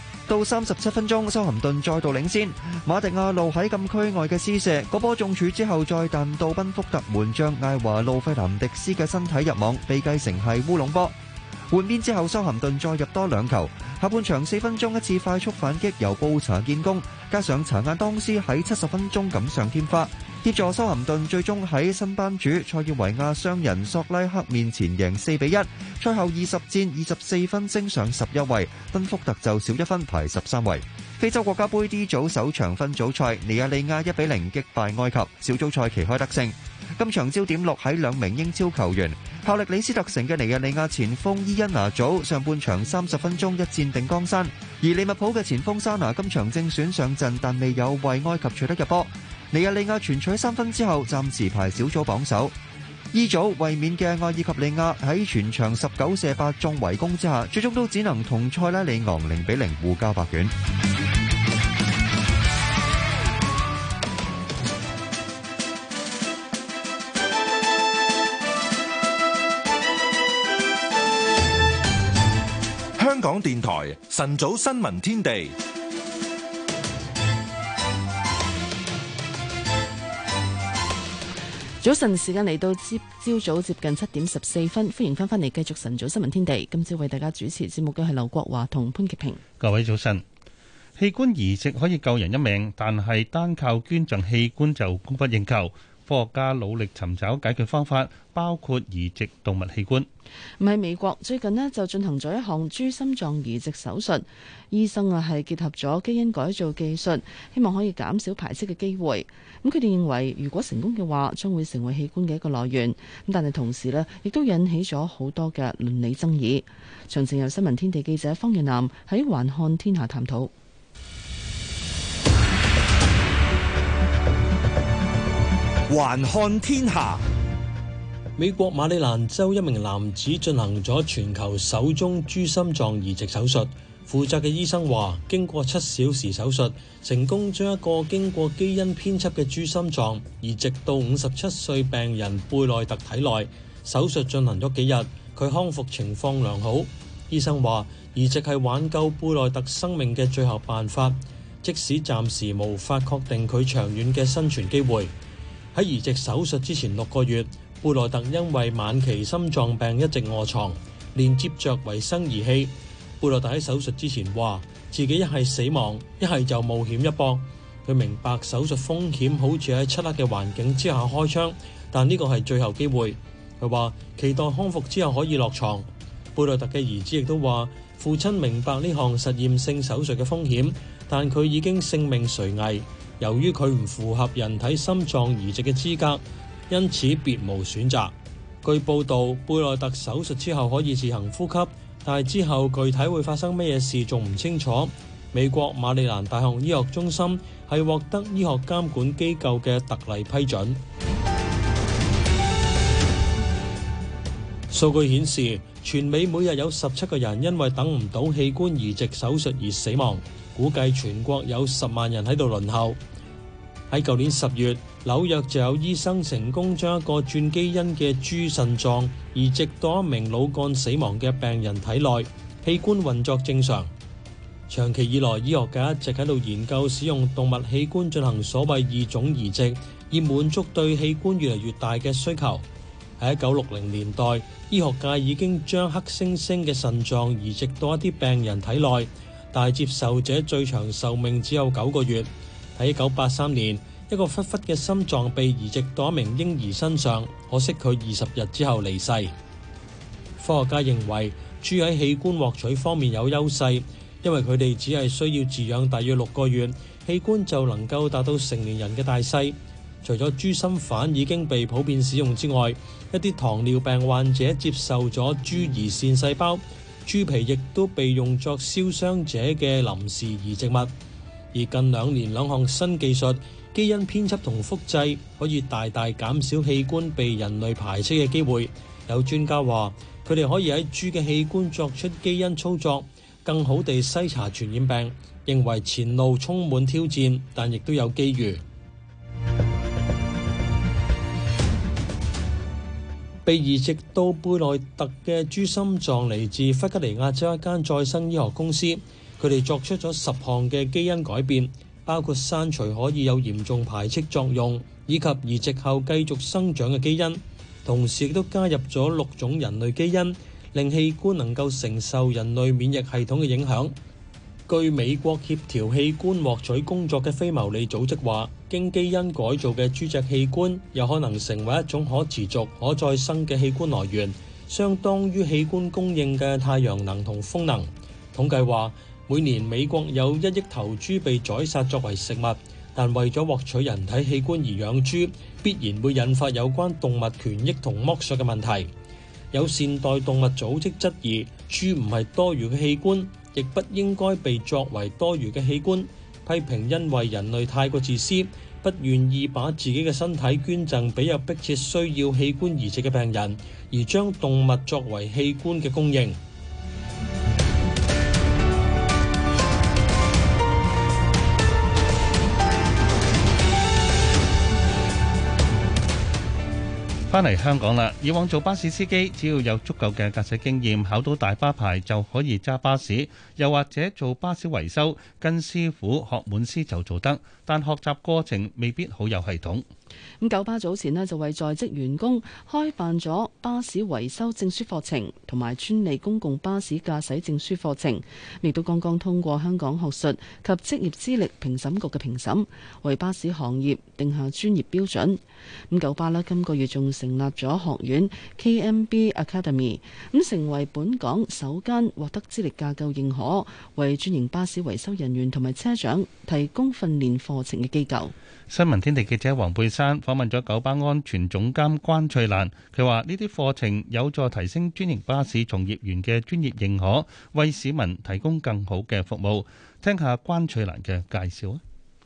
到三十七分鐘，修咸頓再度領先。馬迪亞路喺禁區外嘅施射，個波中柱之後再彈到賓福特門將艾華路費林迪斯嘅身體入網，被繼承係烏龍波。換邊之後，修咸頓再入多兩球。下半場四分鐘一次快速反擊，由布查建功，加上查亞當斯喺七十分鐘錦上添花。協助修咸頓最終喺新班主塞爾維亞商人索拉克面前贏四比一。賽後二十戰二十四分，升上十一位。登福特就少一分排十三位。非洲國家盃 D 組首場分組賽，尼日利亞一比零擊敗埃及，小組賽旗開得勝。今場焦點落喺兩名英超球員。效力里斯特城嘅尼日利亞前鋒伊恩拿祖，上半場三十分鐘一戰定江山。而利物浦嘅前鋒沙拿今場正選上陣，但未有為埃及取得入波。尼日利，利亞全取三分之後，暫時排小組榜首。E 組衛冕嘅愛爾及利亞喺全場十九射八中圍攻之下，最終都只能同塞拉利昂零比零互交白卷。香港電台晨早新聞天地。早晨時間嚟，到朝朝早接近七點十四分，歡迎翻翻嚟，繼續晨早新聞天地。今朝為大家主持節目嘅係劉國華同潘潔平。各位早晨，器官移植可以救人一命，但係單靠捐贈器官就供不應求。科學家努力尋找解決方法，包括移植動物器官。喺美國最近呢就進行咗一項豬心臟移植手術，醫生啊係結合咗基因改造技術，希望可以減少排斥嘅機會。咁佢哋認為，如果成功嘅話，將會成為器官嘅一個來源。咁但係同時呢亦都引起咗好多嘅倫理爭議。詳情由新聞天地記者方日南喺環看天下探討。還看天下。美國馬里蘭州一名男子進行咗全球首宗豬心臟移植手術。負責嘅醫生話，經過七小時手術，成功將一個經過基因編輯嘅豬心臟移植到五十七歲病人貝內特體內。手術進行咗幾日，佢康復情況良好。醫生話，移植係挽救貝內特生命嘅最後辦法，即使暫時無法確定佢長遠嘅生存機會。喺移植手術之前六個月，貝萊特因為晚期心臟病一直卧床，連接着維生儀器。貝萊特喺手術之前話：自己一係死亡，一係就冒險一搏。佢明白手術風險好似喺漆黑嘅環境之下開槍，但呢個係最後機會。佢話：期待康復之後可以落床。貝萊特嘅兒子亦都話：父親明白呢項實驗性手術嘅風險，但佢已經性命垂危。由於佢唔符合人體心臟移植嘅資格，因此別無選擇。據報道，貝內特手術之後可以自行呼吸，但係之後具體會發生咩嘢事仲唔清楚。美國馬里蘭大學醫學中心係獲得醫學監管機構嘅特例批准。數 *music* 據顯示，全美每日有十七個人因為等唔到器官移植手術而死亡，估計全國有十萬人喺度輪候。喺舊年十月，紐約就有醫生成功將一個轉基因嘅豬腎臟移植到一名腦幹死亡嘅病人體內，器官運作正常。長期以來，醫學界一直喺度研究使用動物器官進行所謂異種移植，以滿足對器官越嚟越大嘅需求。喺一九六零年代，醫學界已經將黑猩猩嘅腎臟移植到一啲病人體內，但係接受者最長壽命只有九個月。喺一九八三年，一個狒狒嘅心臟被移植到一名嬰兒身上，可惜佢二十日之後離世。科學家認為，豬喺器官獲取方面有優勢，因為佢哋只係需要飼養大約六個月，器官就能夠達到成年人嘅大細。除咗豬心瓣已經被普遍使用之外，一啲糖尿病患者接受咗豬胰腺細胞，豬皮亦都被用作燒傷者嘅臨時移植物。而近兩年兩項新技術，基因編輯同複製，可以大大減少器官被人類排斥嘅機會。有專家話，佢哋可以喺豬嘅器官作出基因操作，更好地篩查傳染病，認為前路充滿挑戰，但亦都有機遇。 *music* 被移植到貝內特嘅豬心臟嚟自弗吉尼亞州一間再生醫學公司。佢哋作出咗十項嘅基因改變，包括刪除可以有嚴重排斥作用，以及移植後繼續生長嘅基因，同時亦都加入咗六種人類基因，令器官能夠承受人類免疫系統嘅影響。據美國協調器官獲取工作嘅非牟利組織話，經基因改造嘅豬隻器官有可能成為一種可持續可再生嘅器官來源，相當於器官供應嘅太陽能同風能。統計話。每年美國有一億頭豬被宰殺作為食物，但為咗獲取人體器官而養豬必然會引發有關動物權益同剝削嘅問題。有善待動物組織質疑，豬唔係多餘嘅器官，亦不應該被作為多餘嘅器官。批評，因為人類太過自私，不願意把自己嘅身體捐贈俾有迫切需要器官移植嘅病人，而將動物作為器官嘅供應。翻嚟香港啦！以往做巴士司機，只要有足夠嘅駕駛經驗，考到大巴牌就可以揸巴士，又或者做巴士維修，跟師傅學滿師就做得。但學習過程未必好有系統。咁九巴早前呢就為在職員工開辦咗巴士維修證書課程同埋專利公共巴士駕駛證書課程，亦都剛剛通過香港學術及職業資歷評審局嘅評審，為巴士行業定下專業標準。咁九巴呢，今個月仲成立咗學院 KMB Academy，咁成為本港首間獲得資歷架構認可，為專營巴士維修人員同埋車長提供訓練課程嘅機構。新聞天地記者黃佩珊訪問咗九巴安全總監關翠蘭，佢話呢啲課程有助提升專營巴士從業員嘅專業認可，為市民提供更好嘅服務。聽下關翠蘭嘅介紹啊。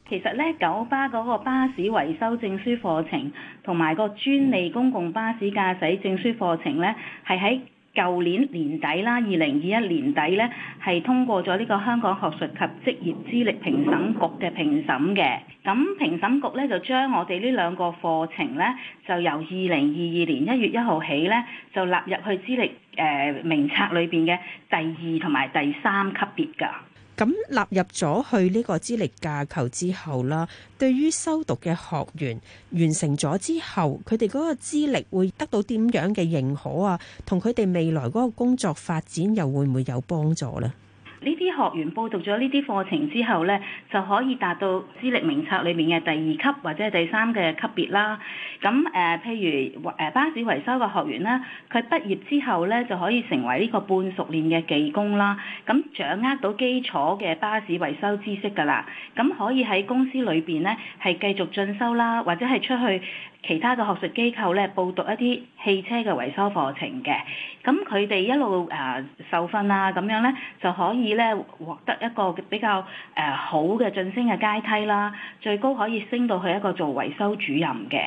其實呢，九巴嗰個巴士維修證書課程同埋個專利公共巴士駕駛證書課程呢，係喺舊年年底啦，二零二一年底咧，係通過咗呢個香港學術及職業資歷評審局嘅評審嘅。咁評審局咧就將我哋呢兩個課程咧，就由二零二二年一月一號起咧，就納入去資歷誒、呃、名冊裏邊嘅第二同埋第三級別㗎。咁納入咗去呢個資歷架構之後啦，對於修讀嘅學員完成咗之後，佢哋嗰個資歷會得到點樣嘅認可啊？同佢哋未來嗰個工作發展又會唔會有幫助咧？呢啲學員報讀咗呢啲課程之後呢就可以達到資歷名冊裏面嘅第二級或者係第三嘅級別啦。咁誒、呃，譬如誒巴士維修嘅學員啦，佢畢業之後呢就可以成為呢個半熟練嘅技工啦。咁掌握到基礎嘅巴士維修知識㗎啦，咁可以喺公司裏邊呢係繼續進修啦，或者係出去。其他嘅學術機構咧報讀一啲汽車嘅維修課程嘅，咁佢哋一路誒、呃、受訓啊，咁樣咧就可以咧獲得一個比較誒、呃、好嘅晉升嘅階梯啦，最高可以升到去一個做維修主任嘅。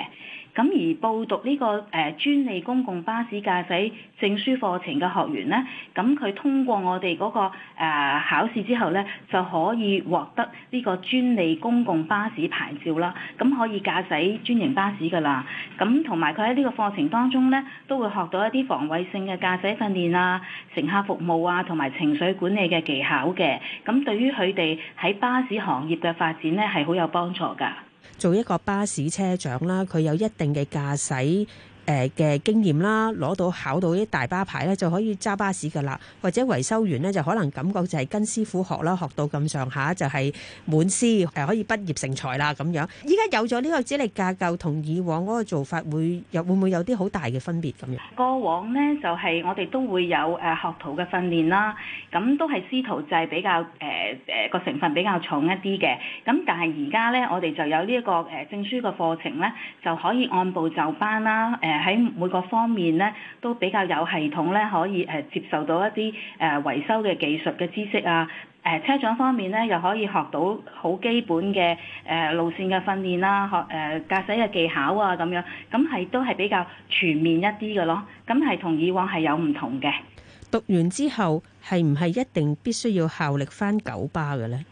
咁而報讀呢、個誒專、呃、利公共巴士駕駛證書課程嘅學員咧，咁佢通過我哋嗰、個誒、呃、考試之後咧，就可以獲得呢個專利公共巴士牌照啦，咁可以駕駛專營巴士嘅啦。啊！咁同埋佢喺呢個課程當中咧，都會學到一啲防衛性嘅駕駛訓練啊、乘客服務啊，同埋情緒管理嘅技巧嘅。咁、嗯、對於佢哋喺巴士行業嘅發展咧，係好有幫助㗎。做一個巴士車長啦，佢有一定嘅駕駛誒嘅經驗啦，攞到考到啲大巴牌咧，就可以揸巴士噶啦。或者維修員呢，就可能感覺就係跟師傅學啦，學到咁上下就係滿師，誒可以畢業成才啦咁樣。依家有咗呢個資歷架構，同以往嗰個做法會有會唔會有啲好大嘅分別咁樣？過往呢，就係、是、我哋都會有誒學徒嘅訓練啦，咁都係師徒制比較誒誒個成分比較重一啲嘅。咁但係而家呢，我哋就有呢個誒證書嘅課程呢，就可以按部就班啦，誒、呃。喺每個方面咧，都比較有系統咧，可以誒接受到一啲誒維修嘅技術嘅知識啊！誒車長方面咧，又可以學到好基本嘅誒路線嘅訓練啦、啊，學誒駕駛嘅技巧啊咁樣，咁係都係比較全面一啲嘅咯。咁係同以往係有唔同嘅。讀完之後係唔係一定必須要效力返九巴嘅咧？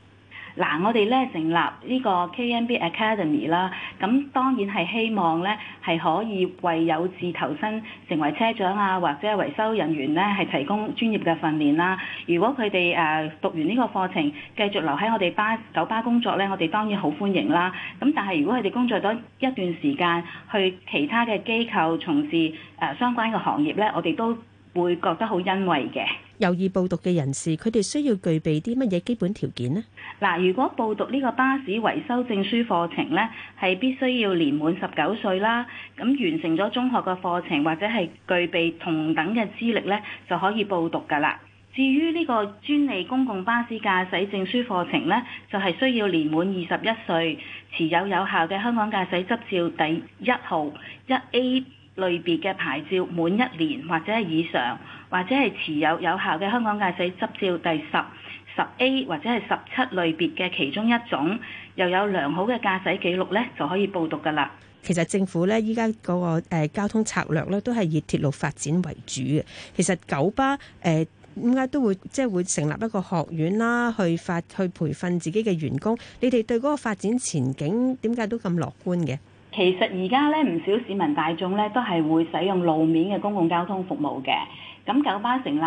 嗱，我哋咧成立呢個 KMB Academy 啦，咁當然係希望咧係可以為有志投身成為車長啊或者係維修人員咧係提供專業嘅訓練啦。如果佢哋誒讀完呢個課程，繼續留喺我哋巴、九巴工作咧，我哋當然好歡迎啦。咁但係如果佢哋工作咗一段時間，去其他嘅機構從事誒、呃、相關嘅行業咧，我哋都會覺得好欣慰嘅。有意報讀嘅人士，佢哋需要具備啲乜嘢基本條件呢？嗱，如果報讀呢個巴士維修證書課程呢，係必須要年滿十九歲啦，咁完成咗中學嘅課程或者係具備同等嘅資歷呢，就可以報讀噶啦。至於呢個專利公共巴士駕駛證書課程呢，就係需要年滿二十一歲，持有有效嘅香港駕駛執照第一號一 A。類別嘅牌照滿一年或者以上，或者係持有有效嘅香港駕駛執照第十十 A 或者係十七類別嘅其中一種，又有良好嘅駕駛記錄呢，就可以報讀噶啦。其實政府呢，依家嗰個交通策略呢，都係以鐵路發展為主嘅。其實九巴誒點解都會即係會成立一個學院啦，去發去培訓自己嘅員工。你哋對嗰個發展前景點解都咁樂觀嘅？其實而家咧唔少市民大眾咧都係會使用路面嘅公共交通服務嘅，咁九巴成立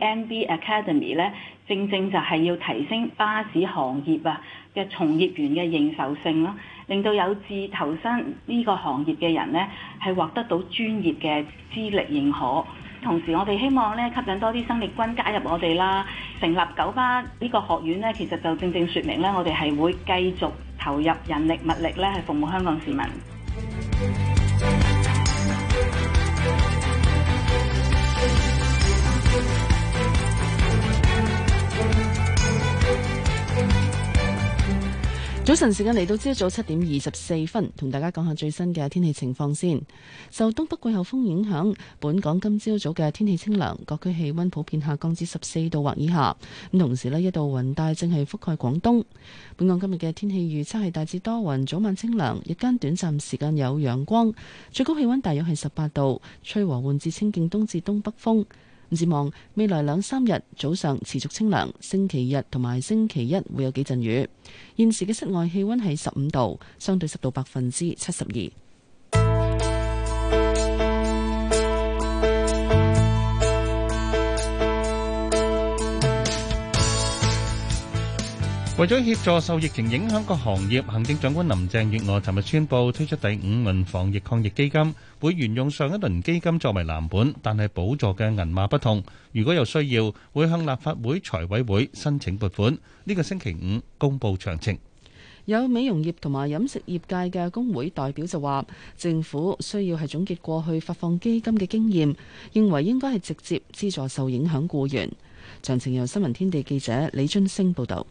KMB Academy 咧，正正就係要提升巴士行業啊嘅從業員嘅認受性咯，令到有志投身呢個行業嘅人咧係獲得到專業嘅資歷認可。同時，我哋希望咧吸引多啲生力軍加入我哋啦，成立九巴呢個學院咧，其實就正正說明咧，我哋係會繼續投入人力物力咧，係服務香港市民。早晨時間嚟到，朝早七點二十四分，同大家講下最新嘅天氣情況先。受東北季候風影響，本港今朝早嘅天氣清涼，各區氣溫普遍下降至十四度或以下。咁同時呢一道雲帶正係覆蓋廣東。本港今日嘅天氣預測係大致多雲，早晚清涼，日間短暫時間有陽光，最高氣溫大約係十八度，吹和緩至清勁東至東北風。展望未來兩三日早上持續清涼，星期日同埋星期一會有幾陣雨。現時嘅室外氣溫係十五度，相對濕度百分之七十二。為咗協助受疫情影響各行業，行政長官林鄭月娥尋日宣布推出第五輪防疫抗疫基金，會沿用上一輪基金作為藍本，但係補助嘅銀碼不同。如果有需要，會向立法會財委會申請撥款。呢、這個星期五公布詳情。有美容業同埋飲食業界嘅工會代表就話，政府需要係總結過去發放基金嘅經驗，認為應該係直接資助受影響雇員。詳情由新聞天地記者李津升報道。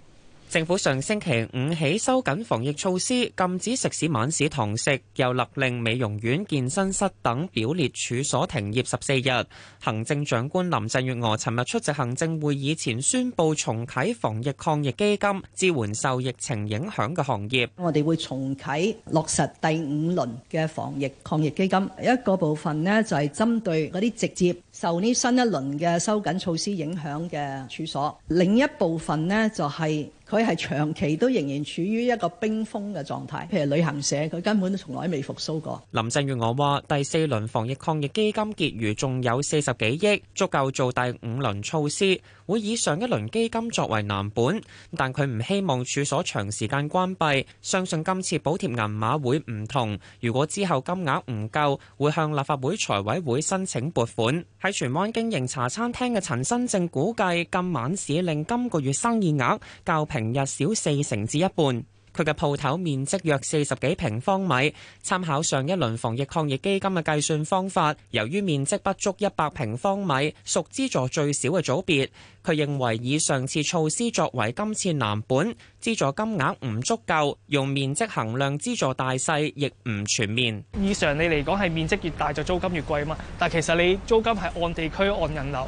政府上星期五起收緊防疫措施，禁止食肆，晚市堂食，又勒令美容院、健身室等表列處所停業十四日。行政長官林鄭月娥尋日出席行政會議前，宣布重啟防疫抗疫基金，支援受疫情影響嘅行業，我哋會重啟落實第五輪嘅防疫抗疫基金，一個部分呢，就係針對嗰啲直接受呢新一輪嘅收緊措施影響嘅處所，另一部分呢，就係。佢係長期都仍然處於一個冰封嘅狀態，譬如旅行社，佢根本都從來未復甦過。林鄭月娥話：第四輪防疫抗疫基金結餘仲有四十幾億，足夠做第五輪措施。會以上一輪基金作為藍本，但佢唔希望處所長時間關閉，相信今次補貼銀碼會唔同。如果之後金額唔夠，會向立法會財委會申請撥款。喺荃灣經營茶餐廳嘅陳新正估計，今晚市令今個月生意額較平日少四成至一半。佢嘅鋪頭面積約四十幾平方米，參考上一輪防疫抗疫基金嘅計算方法，由於面積不足一百平方米，屬資助最少嘅組別。佢認為以上次措施作為今次藍本，資助金額唔足夠，用面積衡量資助大細亦唔全面。以常理嚟講，係面積越大就租金越貴嘛，但其實你租金係按地區、按人流。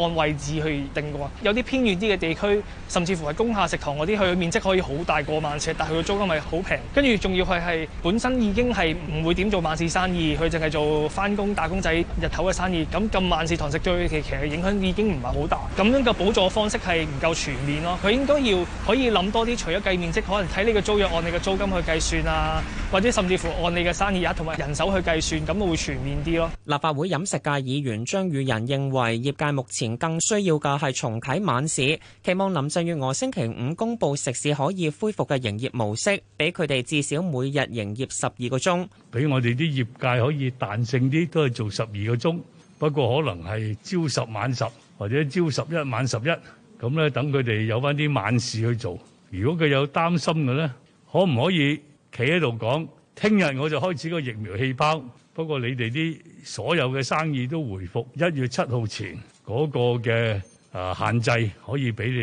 按位置去定嘅喎，有啲偏遠啲嘅地區，甚至乎係工廈食堂嗰啲，佢嘅面積可以好大，過萬尺，但係佢嘅租金係好平。跟住仲要係係本身已經係唔會點做晚市生意，佢淨係做翻工打工仔日頭嘅生意。咁咁晚市堂食最其實影響已經唔係好大。咁樣嘅補助方式係唔夠全面咯。佢應該要可以諗多啲，除咗計面積，可能睇你嘅租約，按你嘅租金去計算啊，或者甚至乎按你嘅生意額同埋人手去計算，咁會全面啲咯。立法會飲食界議員張宇人認為，業界目前更需要嘅係重啟晚市，期望林鄭月娥星期五公布食肆可以恢復嘅營業模式，俾佢哋至少每日營業十二個鐘，俾我哋啲業界可以彈性啲，都係做十二個鐘。不過可能係朝十晚十，或者朝十一晚十一，咁咧等佢哋有返啲晚市去做。如果佢有擔心嘅咧，可唔可以企喺度講，聽日我就開始個疫苗氣泡，不過你哋啲所有嘅生意都回復一月七號前。嗰個嘅誒限制可以俾你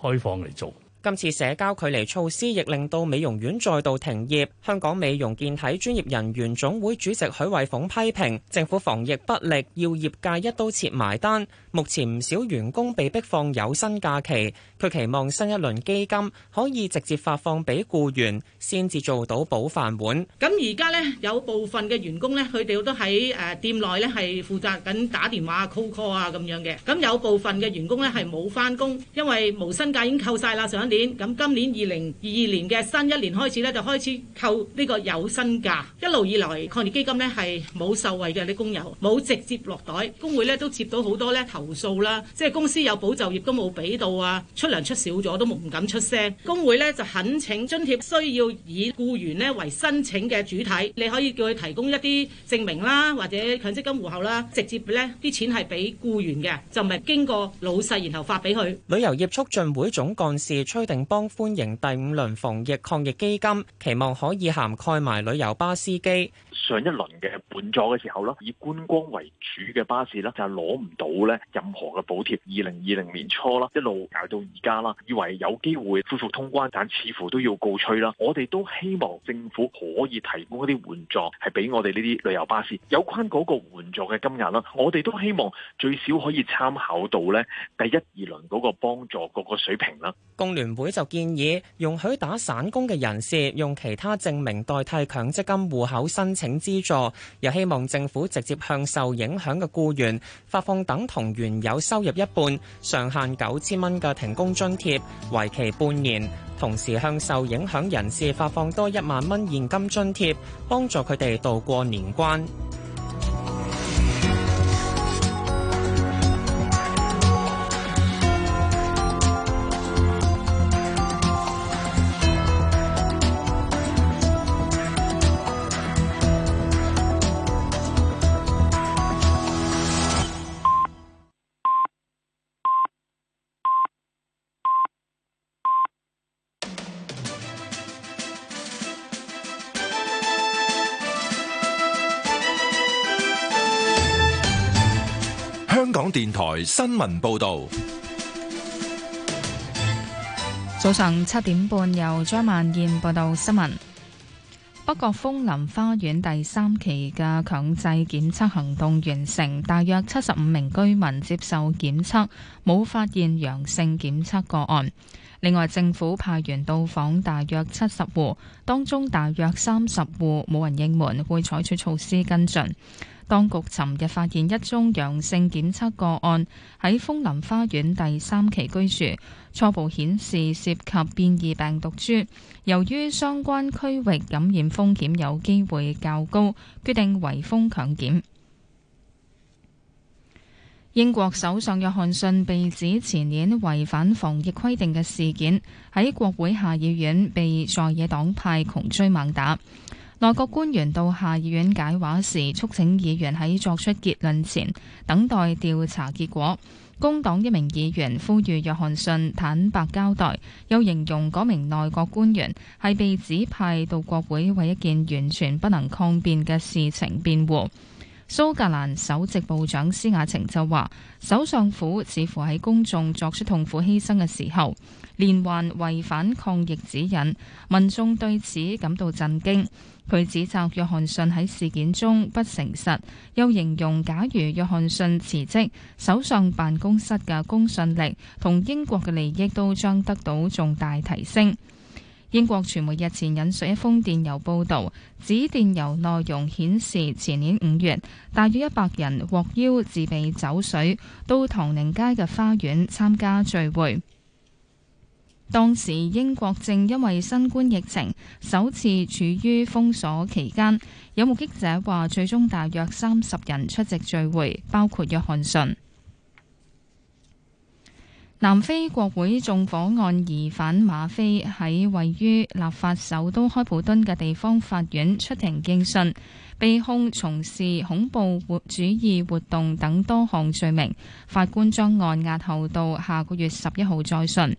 開放嚟做。今次社交距離措施亦令到美容院再度停業。香港美容健體專業人員總會主席許慧鳳批評政府防疫不力，要業界一刀切埋單。目前唔少員工被迫放有薪假期，佢期望新一輪基金可以直接發放俾僱員，先至做到補飯碗。咁而家呢有部分嘅員工呢，佢哋都喺誒店內呢係負責緊打電話 call call 啊，咁樣嘅。咁有部分嘅員工呢係冇返工，因為無薪假已經扣晒啦上一年。咁今年二零二二年嘅新一年開始呢，就開始扣呢個有薪假。一路以來，抗疫基金呢係冇受惠嘅啲工友，冇直接落袋。工會呢都接到好多呢投。投訴啦，即係公司有保就業都冇俾到啊，出糧出少咗都冇唔敢出聲。工會咧就懇請津貼需要以僱員咧為申請嘅主體，你可以叫佢提供一啲證明啦，或者強積金戶口啦，直接咧啲錢係俾僱員嘅，就唔係經過老細然後發俾佢。旅遊業促進會總幹事崔定邦歡迎第五輪防疫抗疫基金，期望可以涵蓋埋旅遊巴司機。上一輪嘅援助嘅時候啦，以觀光為主嘅巴士啦，就攞唔到咧任何嘅補貼。二零二零年初啦，一路搞到而家啦，以為有機會恢復通關，但似乎都要告吹啦。我哋都希望政府可以提供一啲援助，係俾我哋呢啲旅遊巴士。有關嗰個援助嘅金額啦，我哋都希望最少可以參考到咧第一二輪嗰個幫助嗰個水平啦。工聯會就建議容許打散工嘅人士用其他證明代替強積金戶口申請。資助，又希望政府直接向受影響嘅雇員發放等同原有收入一半，上限九千蚊嘅停工津貼，為期半年；同時向受影響人士發放多一萬蚊現金津貼，幫助佢哋渡過年關。電台新聞報道，早上七點半由張曼燕報道新聞。北角楓林花園第三期嘅強制檢測行動完成，大約七十五名居民接受檢測，冇發現陽性檢測個案。另外，政府派員到訪大約七十戶，當中大約三十戶冇人應門，會採取措施跟進。當局尋日發現一宗陽性檢測個案，喺楓林花園第三期居住，初步顯示涉及變異病毒株。由於相關區域感染風險有機會較高，決定圍封強檢。英國首相約翰遜被指前年違反防疫規定嘅事件，喺國會下議院被在野黨派窮追猛打。內閣官員到下議院解話時，促請議員喺作出結論前等待調查結果。工黨一名議員呼籲約翰遜坦白交代，又形容嗰名內閣官員係被指派到國會為一件完全不能抗辯嘅事情辯護。蘇格蘭首席部長施雅晴就話：首相府似乎喺公眾作出痛苦犧牲嘅時候，連環違反抗疫指引，民眾對此感到震驚。佢指責約翰遜喺事件中不誠實，又形容假如約翰遜辭職，首相辦公室嘅公信力同英國嘅利益都將得到重大提升。英國傳媒日前引述一封電郵報導，指電郵內容顯示前年五月，大約一百人獲邀自備酒水到唐寧街嘅花園參加聚會。當時英國正因為新冠疫情首次處於封鎖期間，有目擊者話，最終大約三十人出席聚會，包括約翰遜。南非國會縱火案疑犯馬菲喺位於立法首都開普敦嘅地方法院出庭應訊，被控從事恐怖活主義活動等多項罪名。法官將案押後到下個月十一號再訊。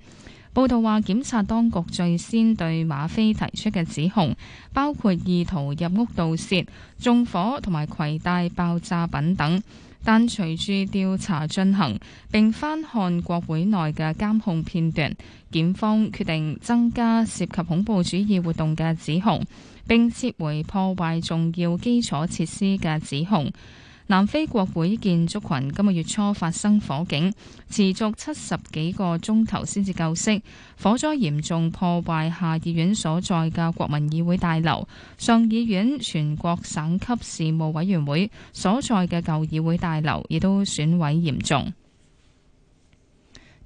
報道話，檢察當局最先對馬飛提出嘅指控包括意圖入屋盜竊、縱火同埋攜帶爆炸品等。但隨住調查進行，並翻看國會內嘅監控片段，檢方決定增加涉及恐怖主義活動嘅指控，並撤回破壞重要基礎設施嘅指控。南非國會建築群今個月初發生火警，持續七十幾個鐘頭先至救熄。火災嚴重破壞下議院所在嘅國民議會大樓，上議院全國省級事務委員會所在嘅舊議會大樓亦都損毀嚴重。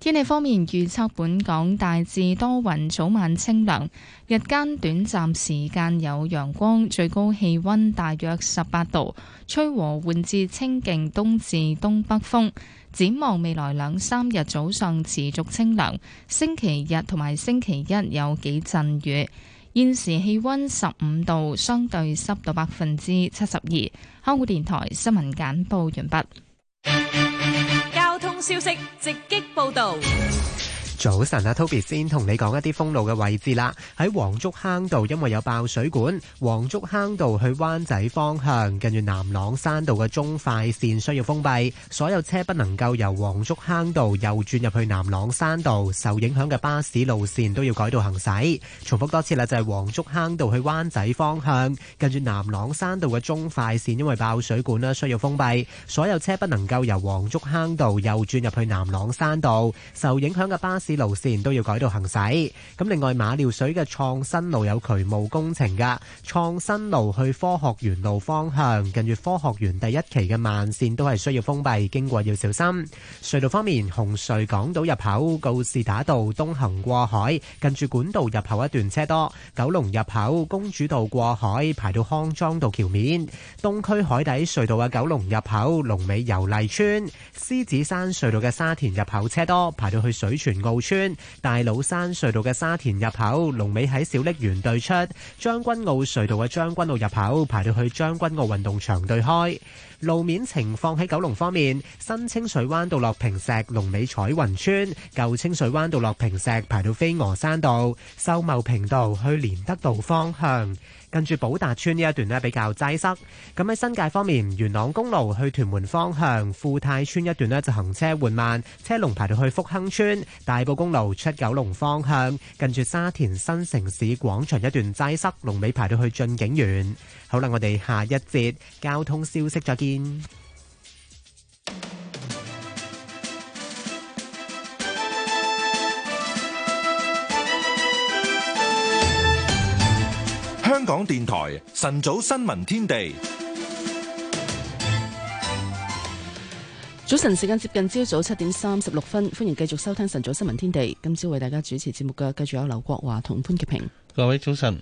天氣方面預測，本港大致多雲，早晚清涼，日間短暫時間有陽光，最高氣溫大約十八度，吹和緩至清勁東至東北風。展望未來兩三日早上持續清涼，星期日同埋星期一有幾陣雨。現時氣溫十五度，相對濕度百分之七十二。香港電台新聞簡報完畢。消息直擊報導。早晨啊，Toby 先同你講一啲封路嘅位置啦。喺黃竹坑道，因為有爆水管，黃竹坑道去灣仔方向，近住南朗山道嘅中快線需要封閉，所有車不能夠由黃竹坑道右轉入去南朗山道。受影響嘅巴士路線都要改道行駛。重複多次啦，就係黃竹坑道去灣仔方向，近住南朗山道嘅中快線，因為爆水管啦，需要封閉，所有車不能夠由黃竹坑道右轉入去南朗山道。受影響嘅巴士路線都要改道行駛，咁另外馬料水嘅創新路有渠務工程噶，創新路去科學園路方向，近住科學園第一期嘅慢線都係需要封閉，經過要小心。隧道方面，紅隧港島入口告士打道東行過海，近住管道入口一段車多；九龍入口公主道過海排到康莊道橋面，東區海底隧道嘅九龍入口龍尾油麗邨，獅子山隧道嘅沙田入口車多，排到去水泉澳。村，大老山隧道嘅沙田入口，龍尾喺小瀝源對出；將軍澳隧道嘅將軍澳入口，排到去將軍澳運動場對開。路面情況喺九龍方面，新清水灣道落坪石，龍尾彩雲村；舊清水灣道落坪石，排到飛鵝山道、秀茂坪道，去連德道方向。跟住寶達村呢一段呢，比較擠塞，咁喺新界方面，元朗公路去屯門方向富泰村一段呢，就行車緩慢，車龍排到去福亨村，大埔公路出九龍方向，跟住沙田新城市廣場一段擠塞，龍尾排到去駿景園。好啦，我哋下一節交通消息再見。香港電台晨早新聞天地，早晨時間接近朝早七點三十六分，歡迎繼續收聽晨早新聞天地。今朝為大家主持節目嘅，繼續有劉國華同潘潔平。各位早晨。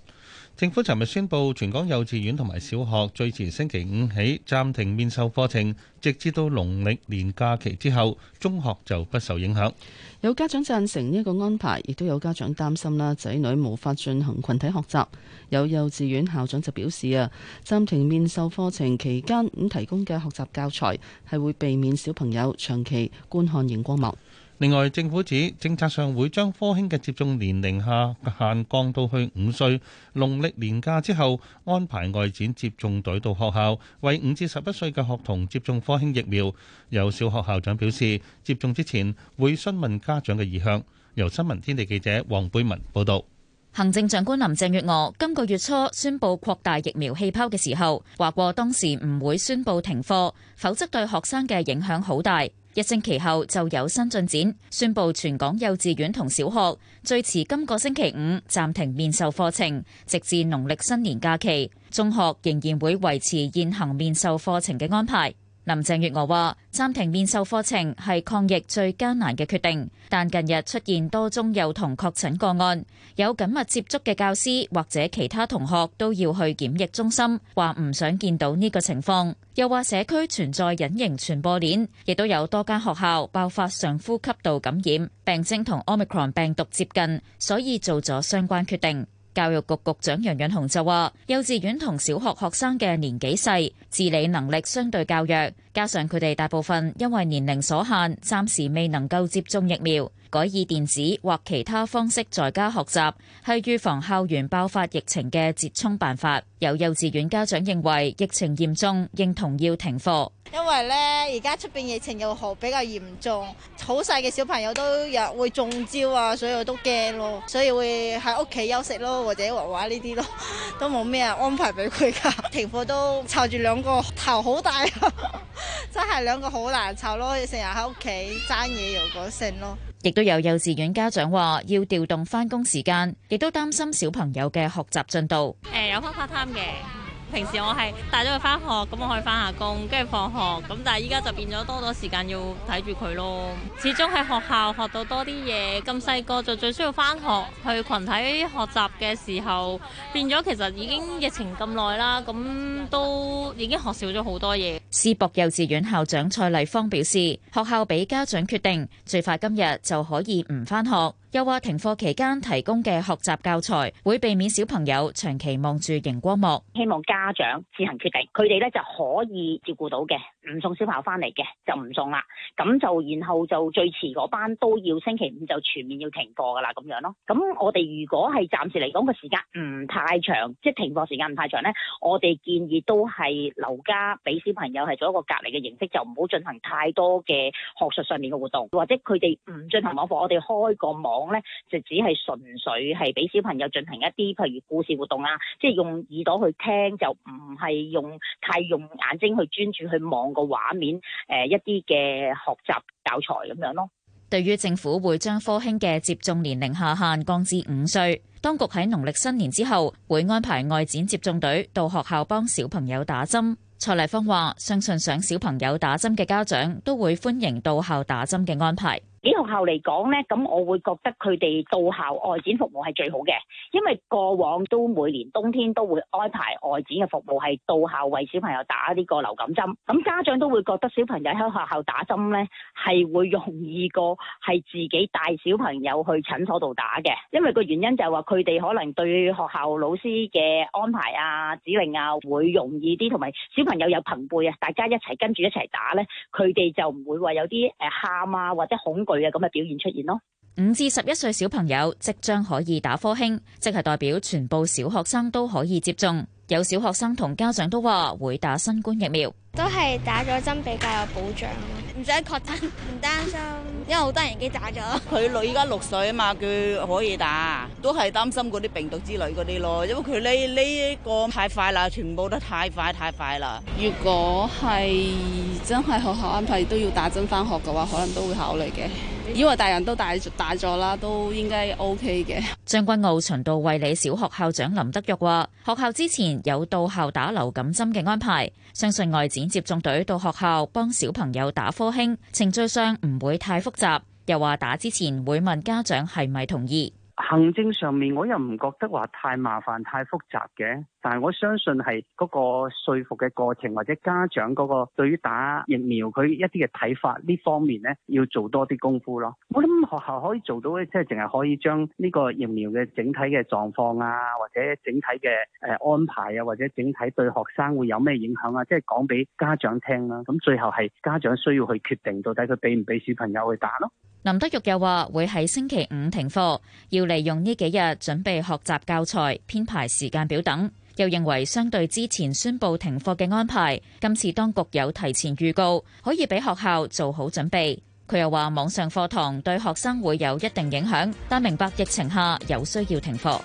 政府尋日宣布，全港幼稚園同埋小學最遲星期五起暫停面授課程，直至到農曆年假期之後，中學就不受影響。有家長贊成呢個安排，亦都有家長擔心啦，仔女無法進行群體學習。有幼稚園校長就表示啊，暫停面授課程期間，咁提供嘅學習教材係會避免小朋友長期觀看螢光幕。另外，政府指政策上會將科興嘅接種年齡下限降到去五歲。農曆年假之後安排外展接種隊到學校，為五至十一歲嘅學童接種科興疫苗。有小學校長表示，接種之前會詢問家長嘅意向。由新聞天地記者黃貝文報道。行政長官林鄭月娥今個月初宣布擴大疫苗氣泡嘅時候，話過當時唔會宣布停課，否則對學生嘅影響好大。一星期後就有新進展，宣布全港幼稚園同小學最遲今個星期五暫停面授課程，直至農曆新年假期。中學仍然會維持現行面授課程嘅安排。林鄭月娥話：暫停面授課程係抗疫最艱難嘅決定，但近日出現多宗幼童確診個案，有緊密接觸嘅教師或者其他同學都要去檢疫中心，話唔想見到呢個情況，又話社區存在隱形傳播鏈，亦都有多間學校爆發上呼吸道感染，病徵同 Omicron 病毒接近，所以做咗相關決定。教育局局長楊潤雄就話，幼稚園同小學學生嘅年紀細，自理能力相對較弱。加上佢哋大部分因為年齡所限，暫時未能夠接種疫苗，改以電子或其他方式在家學習，係預防校園爆發疫情嘅折衷辦法。有幼稚園家長認為疫情嚴重，認同要停課，因為咧，而家出邊疫情又好比較嚴重，好細嘅小朋友都有會中招啊，所以我都驚咯，所以會喺屋企休息咯，或者畫畫呢啲咯，都冇咩安排俾佢噶。停課都湊住兩個頭好大。 *laughs* *laughs* 真係兩個好難湊咯，成日喺屋企爭嘢又嗰性咯。亦都有幼稚園家長話要調動翻工時間，亦都擔心小朋友嘅學習進度。誒，有翻 part time 嘅。平時我係帶咗佢翻學，咁我可以翻下工，跟住放學咁。但係依家就變咗多咗時間要睇住佢咯。始終喺學校學到多啲嘢，咁細個就最需要翻學去群體學習嘅時候，變咗其實已經疫情咁耐啦，咁都已經學少咗好多嘢。思博幼稚園校長蔡麗芳表示，學校俾家長決定，最快今日就可以唔翻學。又話停課期間提供嘅學習教材會避免小朋友長期望住熒光幕，希望家長自行決定。佢哋咧就可以照顧到嘅，唔送小朋友翻嚟嘅就唔送啦。咁就然後就最遲嗰班都要星期五就全面要停課噶啦，咁樣咯。咁我哋如果係暫時嚟講個時間唔太長，即係停課時間唔太長咧，我哋建議都係留家俾小朋友係做一個隔離嘅形式，就唔好進行太多嘅學術上面嘅活動，或者佢哋唔進行網課，我哋開個網。講咧就只係純粹係俾小朋友進行一啲譬如故事活動啊，即係用耳朵去聽，就唔係用太用眼睛去專注去望個畫面誒一啲嘅學習教材咁樣咯。對於政府會將科興嘅接種年齡下限降至五歲，當局喺農曆新年之後會安排外展接種隊到學校幫小朋友打針。蔡麗芳話：相信想小朋友打針嘅家長都會歡迎到校打針嘅安排。喺學校嚟講呢，咁我會覺得佢哋到校外展服務係最好嘅，因為過往都每年冬天都會安排外展嘅服務係到校為小朋友打呢個流感針。咁家長都會覺得小朋友喺學校打針呢係會容易過係自己帶小朋友去診所度打嘅，因為個原因就係話佢哋可能對學校老師嘅安排啊、指令啊會容易啲，同埋小朋友有朋輩啊，大家一齊跟住一齊打呢，佢哋就唔會話有啲誒喊啊或者恐啊咁嘅表現出現咯，五至十一歲小朋友即將可以打科興，即係代表全部小學生都可以接種。有小學生同家長都話會打新冠疫苗。都係打咗針比較有保障，唔使確診，唔擔 *laughs* 心。因為好多人已經打咗。佢女依家六歲啊嘛，佢可以打。都係擔心嗰啲病毒之類嗰啲咯，因為佢呢呢一個太快啦，全部都太快太快啦。如果係真係學校安排都要打針翻學嘅話，可能都會考慮嘅。以為大人都大大咗啦，都應該 OK 嘅。將軍澳循道衛理小學校長林德玉話，學校之前有到校打流感針嘅安排，相信外展接種隊到學校幫小朋友打科興，程序上唔會太複雜。又話打之前會問家長係咪同意。行政上面我又唔覺得話太麻煩太複雜嘅，但係我相信係嗰個說服嘅過程或者家長嗰個對於打疫苗佢一啲嘅睇法呢方面咧，要做多啲功夫咯。我諗學校可以做到嘅，即係淨係可以將呢個疫苗嘅整體嘅狀況啊，或者整體嘅誒安排啊，或者整體對學生會有咩影響啊，即係講俾家長聽啦啊。咁最後係家長需要去決定到底佢俾唔俾小朋友去打咯。林德玉又話會喺星期五停課，要利用呢幾日準備學習教材，編排時間表等。又認為相對之前宣布停課嘅安排，今次當局有提前預告，可以俾學校做好準備。佢又話網上課堂對學生會有一定影響，但明白疫情下有需要停課。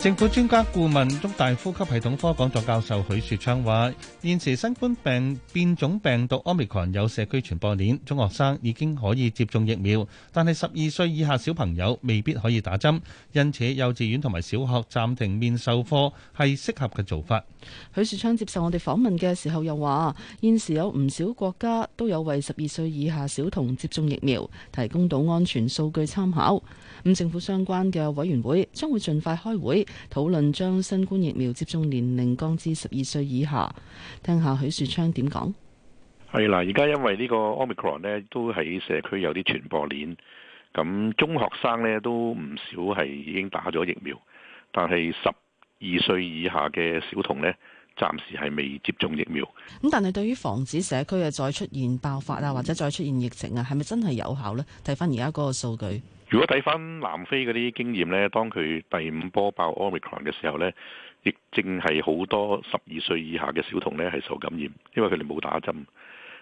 政府專家顧問、中大呼吸系統科講座教授許樹昌話：現時新冠病變種病毒 Omicron 有社區傳播鏈，中學生已經可以接種疫苗，但係十二歲以下小朋友未必可以打針，因此幼稚園同埋小學暫停面授課係適合嘅做法。許樹昌接受我哋訪問嘅時候又話：現時有唔少國家都有為十二歲以下小童接種疫苗提供到安全數據參考，咁政府相關嘅委員會將會盡快開會。討論將新冠疫苗接種年齡降至十二歲以下，聽下許樹昌點講？係啦，而家因為呢個 Omicron 咧，都喺社區有啲傳播鏈，咁中學生呢，都唔少係已經打咗疫苗，但係十二歲以下嘅小童呢，暫時係未接種疫苗。咁但係對於防止社區啊再出現爆發啊或者再出現疫情啊，係咪真係有效呢？睇翻而家嗰個數據。如果睇返南非嗰啲經驗呢，當佢第五波爆 Omicron 嘅時候呢，亦淨係好多十二歲以下嘅小童呢係受感染，因為佢哋冇打針。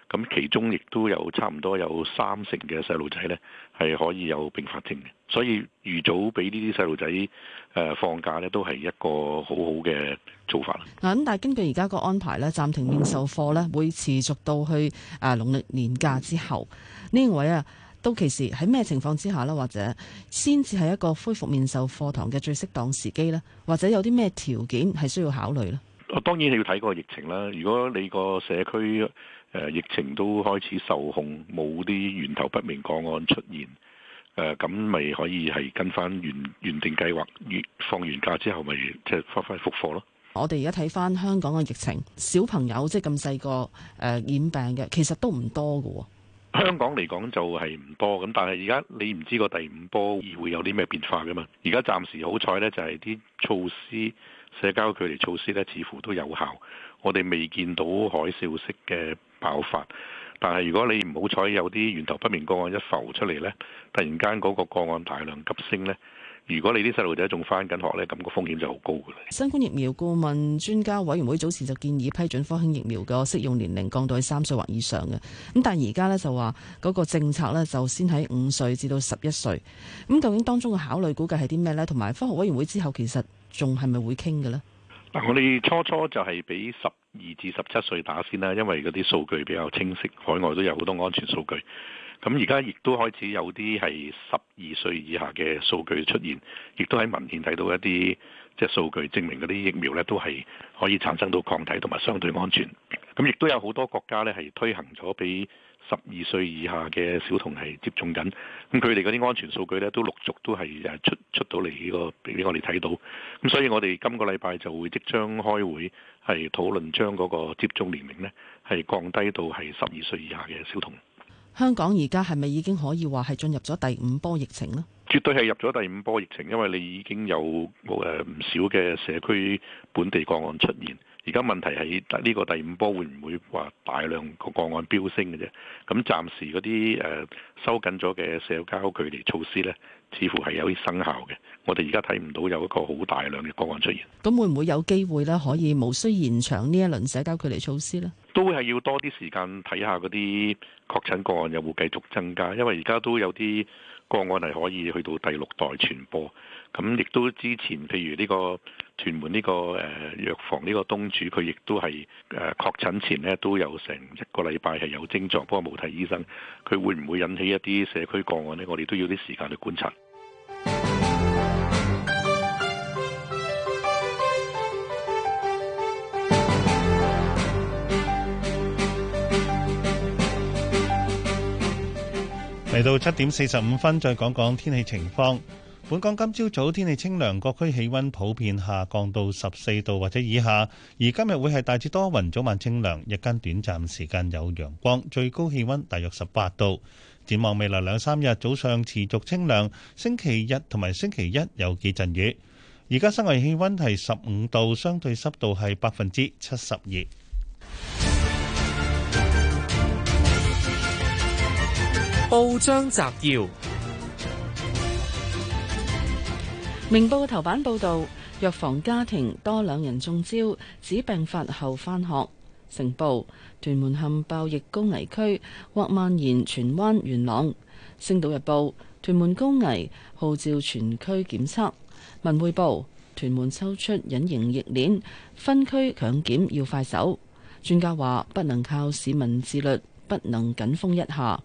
咁其中亦都有差唔多有三成嘅細路仔呢係可以有併發症嘅，所以預早俾呢啲細路仔誒放假呢，都係一個好好嘅做法啦。咁，但係根據而家個安排呢，暫停面授課呢，會持續到去誒農曆年假之後呢位啊。都其實喺咩情況之下咧，或者先至係一個恢復面授課堂嘅最適當時機咧，或者有啲咩條件係需要考慮咧？我當然你要睇個疫情啦。如果你個社區、呃、疫情都開始受控，冇啲源頭不明個案出現，誒咁咪可以係跟翻原原定計劃，越放完假之後咪即係翻翻復課咯。我哋而家睇翻香港嘅疫情，小朋友即係咁細個誒、呃、染病嘅，其實都唔多㗎。香港嚟講就係唔多，咁但係而家你唔知個第五波會有啲咩變化㗎嘛？而家暫時好彩呢，就係啲措施、社交距離措施呢，似乎都有效。我哋未見到海嘯式嘅爆發，但係如果你唔好彩有啲源頭不明個案一浮出嚟呢，突然間嗰個個案大量急升呢。如果你啲細路仔仲翻緊學呢，咁個風險就好高㗎啦。新冠疫苗顧問專家委員會早前就建議批准科興疫苗嘅適用年齡降到去三歲或以上嘅，咁但而家呢，就話嗰個政策呢，就先喺五歲至到十一歲。咁究竟當中嘅考慮估計係啲咩呢？同埋科學委員會之後其實仲係咪會傾嘅呢？嗱，我哋初初就係俾十二至十七歲打先啦，因為嗰啲數據比較清晰，海外都有好多安全數據。咁而家亦都開始有啲係十二歲以下嘅數據出現，亦都喺文件睇到一啲即係數據證明嗰啲疫苗呢都係可以產生到抗體，同埋相對安全。咁亦都有好多國家呢係推行咗俾十二歲以下嘅小童係接種緊。咁佢哋嗰啲安全數據呢都陸續都係誒出出到嚟呢個俾我哋睇到。咁所以我哋今個禮拜就會即將開會係討論將嗰個接種年齡呢係降低到係十二歲以下嘅小童。香港而家係咪已經可以話，係進入咗第五波疫情呢？絕對係入咗第五波疫情，因為你已經有誒唔少嘅社區本地個案出現。而家問題係呢個第五波會唔會話大量個個案飆升嘅啫？咁暫時嗰啲誒收緊咗嘅社交距離措施咧。似乎係有啲生效嘅，我哋而家睇唔到有一個好大量嘅個案出現。咁會唔會有機會咧，可以無需延長呢一輪社交距離措施呢？都係要多啲時間睇下嗰啲確診個案有冇繼續增加，因為而家都有啲個案係可以去到第六代傳播。咁亦都之前，譬如呢個。屯門呢、呢個誒、呃、藥房呢個東主，佢亦都係誒確診前呢都有成一個禮拜係有症狀，不過冇睇醫生。佢會唔會引起一啲社區個案呢？我哋都要啲時間去觀察。嚟到七點四十五分，再講講天氣情況。本港今朝早天氣清涼，各區氣溫普遍下降到十四度或者以下。而今日會係大致多雲，早晚清涼，日間短暫時間有陽光，最高氣溫大約十八度。展望未來兩三日早上持續清涼，星期日同埋星期一有幾陣雨。而家室外氣溫係十五度，相對濕度係百分之七十二。報章摘要。明報頭版報道，藥房家庭多兩人中招，指病發後返學。成報屯門陷爆疫高危區，或蔓延荃灣、元朗。星島日報屯門高危，號召全區檢測。文匯報屯門抽出隱形疫鏈，分區強檢要快手。專家話不能靠市民自律。不能緊封一下。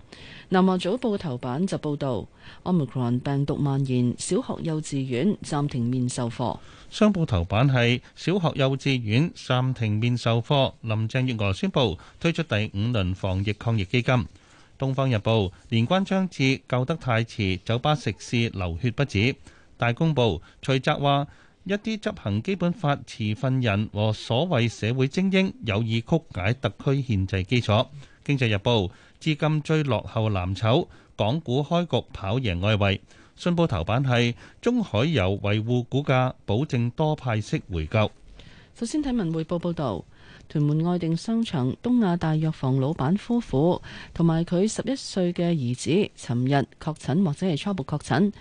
南華早報頭版就報導，Omicron 病毒蔓延，小學幼稚園暫停面授課。商報頭版係小學幼稚園暫停面授課。林鄭月娥宣布推出第五輪防疫抗疫基金。《東方日報》年關將至，救得太遲，酒吧食肆流血不止。《大公報》徐澤話：一啲執行基本法持份人和所謂社會精英有意曲解特區憲制基礎。《經濟日報》資金追落後藍籌，港股開局跑贏外圍。信報頭版係中海油維護股價，保證多派息回購。首先睇文匯報報道，屯門愛定商場東亞大藥房老闆夫婦同埋佢十一歲嘅兒子，尋日確診或者係初步確診。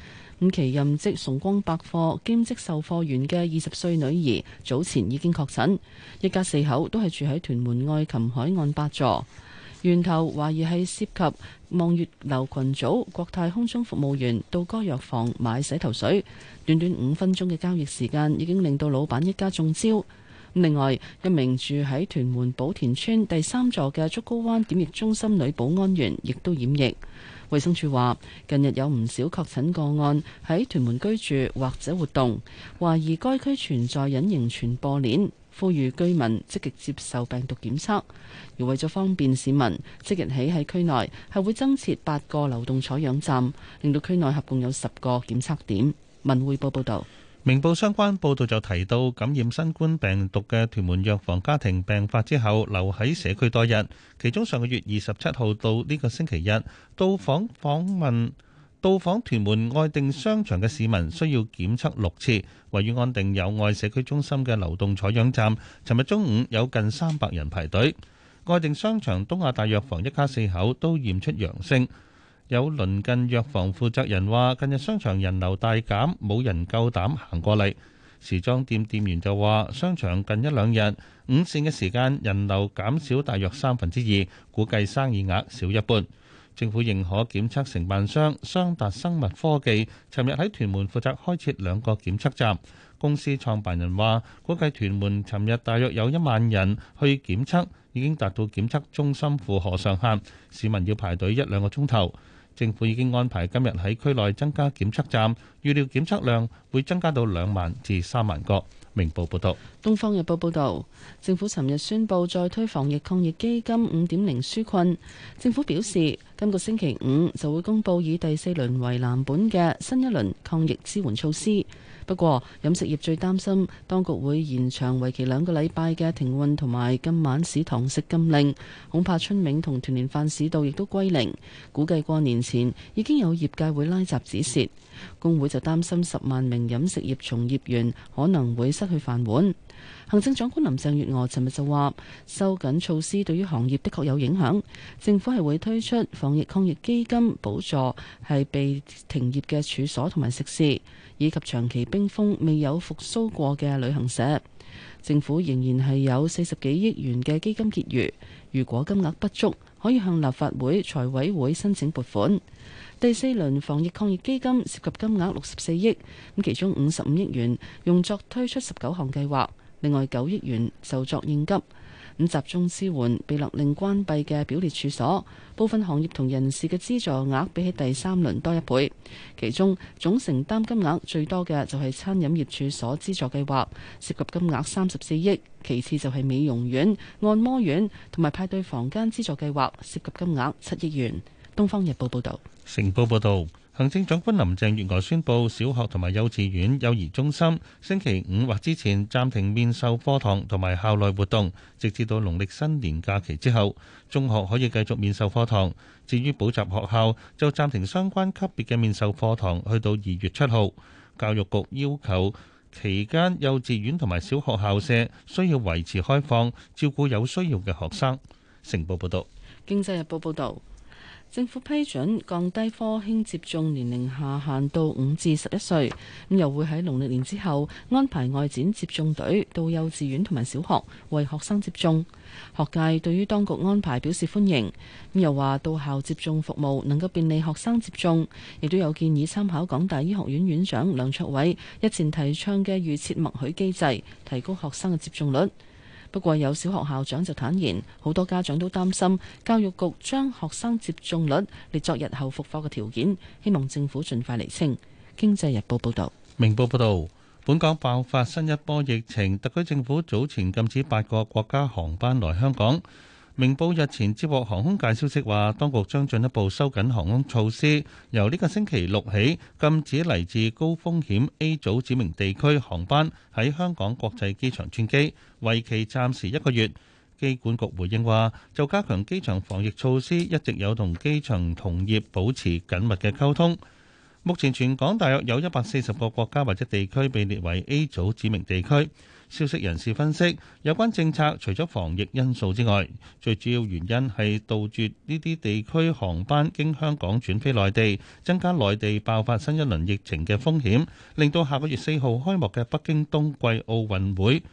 五期任職崇光百貨兼職售貨員嘅二十歲女兒，早前已經確診。一家四口都係住喺屯門愛琴海岸八座。源頭懷疑係涉及望月樓群組，國泰空中服務員到該藥房買洗頭水，短短五分鐘嘅交易時間已經令到老闆一家中招。另外，一名住喺屯門寶田村第三座嘅竹篙灣檢疫中心女保安員亦都染疫。衛生署話，近日有唔少確診個案喺屯門居住或者活動，懷疑該區存在隱形傳播鏈。呼籲居民積極接受病毒檢測，而為咗方便市民，即日起喺區內係會增設八個流動採樣站，令到區內合共有十個檢測點。文匯報報道，明報相關報道就提到，感染新冠病毒嘅屯門藥房家庭病發之後，留喺社區多日，其中上個月二十七號到呢個星期日到訪訪問。到訪屯門愛定商場嘅市民需要檢測六次，位於安定友愛社區中心嘅流動採樣站，尋日中午有近三百人排隊。愛定商場東亞大藥房一家四口都驗出陽性，有鄰近藥房負責人話，近日商場人流大減，冇人夠膽行過嚟。時裝店店員就話，商場近一兩日，午膳嘅時間人流減少大約三分之二，估計生意額少一半。政府認可檢測承辦商雙達生物科技，尋日喺屯門負責開設兩個檢測站。公司創辦人話，估計屯門尋日大約有一萬人去檢測，已經達到檢測中心負荷上限，市民要排隊一兩個鐘頭。政府已經安排今日喺區內增加檢測站，預料檢測量會增加到兩萬至三萬個。明報報道，東方日報報道，政府尋日宣布再推防疫抗疫基金五點零紓困。政府表示，今個星期五就會公布以第四輪為藍本嘅新一輪抗疫支援措施。不過，飲食業最擔心當局會延長為期兩個禮拜嘅停運同埋今晚市堂食禁令，恐怕春茗同團年飯市道亦都歸零。估計過年前已經有業界會拉閘止蝕。工會就擔心十萬名飲食業從業員可能會失去飯碗。行政長官林鄭月娥尋日就話：收緊措施對於行業的確有影響。政府係會推出防疫抗疫基金補助，係被停業嘅處所同埋食肆。以及長期冰封未有復甦過嘅旅行社，政府仍然係有四十幾億元嘅基金結餘。如果金額不足，可以向立法會財委會申請撥款。第四輪防疫抗疫基金涉及金額六十四億，咁其中五十五億元用作推出十九項計劃，另外九億元受作應急。咁集中支援被勒令關閉嘅表列處所，部分行業同人士嘅資助額比起第三輪多一倍。其中總承擔金額最多嘅就係餐飲業處所資助計劃，涉及金額三十四億；其次就係美容院、按摩院同埋派對房間資助計劃，涉及金額七億元。東方日報報道，成報報道。行政長官林鄭月娥宣布，小學同埋幼稚園、幼兒中心星期五或之前暫停面授課堂同埋校內活動，直至到農曆新年假期之後。中學可以繼續面授課堂。至於補習學校，就暫停相關級別嘅面授課堂，去到二月七號。教育局要求期間幼稚園同埋小學校舍需要維持開放，照顧有需要嘅學生。成報報導。《經濟日報》報道。政府批准降低科興接種年齡下限到五至十一歲，咁又會喺農曆年之後安排外展接種隊到幼稚園同埋小學為學生接種。學界對於當局安排表示歡迎，咁又話到校接種服務能夠便利學生接種，亦都有建議參考港大醫學院院院長梁卓偉日前提倡嘅預設默許機制，提高學生嘅接種率。不過有小學校長就坦言，好多家長都擔心教育局將學生接種率列作日後復課嘅條件，希望政府盡快厘清。經濟日報報道。明報報道，本港爆發新一波疫情，特區政府早前禁止八個國家航班來香港。明報日前接獲航空界消息，話當局將進一步收緊航空措施，由呢個星期六起禁止嚟自高風險 A 組指明地區航班喺香港國際機場轉機，為期暫時一個月。機管局回應話，就加強機場防疫措施，一直有同機場同業保持緊密嘅溝通。目前全港大約有一百四十個國家或者地區被列為 A 組指明地區。消息人士分析，有關政策除咗防疫因素之外，最主要原因係杜絕呢啲地區航班經香港轉飛內地，增加內地爆發新一輪疫情嘅風險，令到下個月四號開幕嘅北京冬季奧運會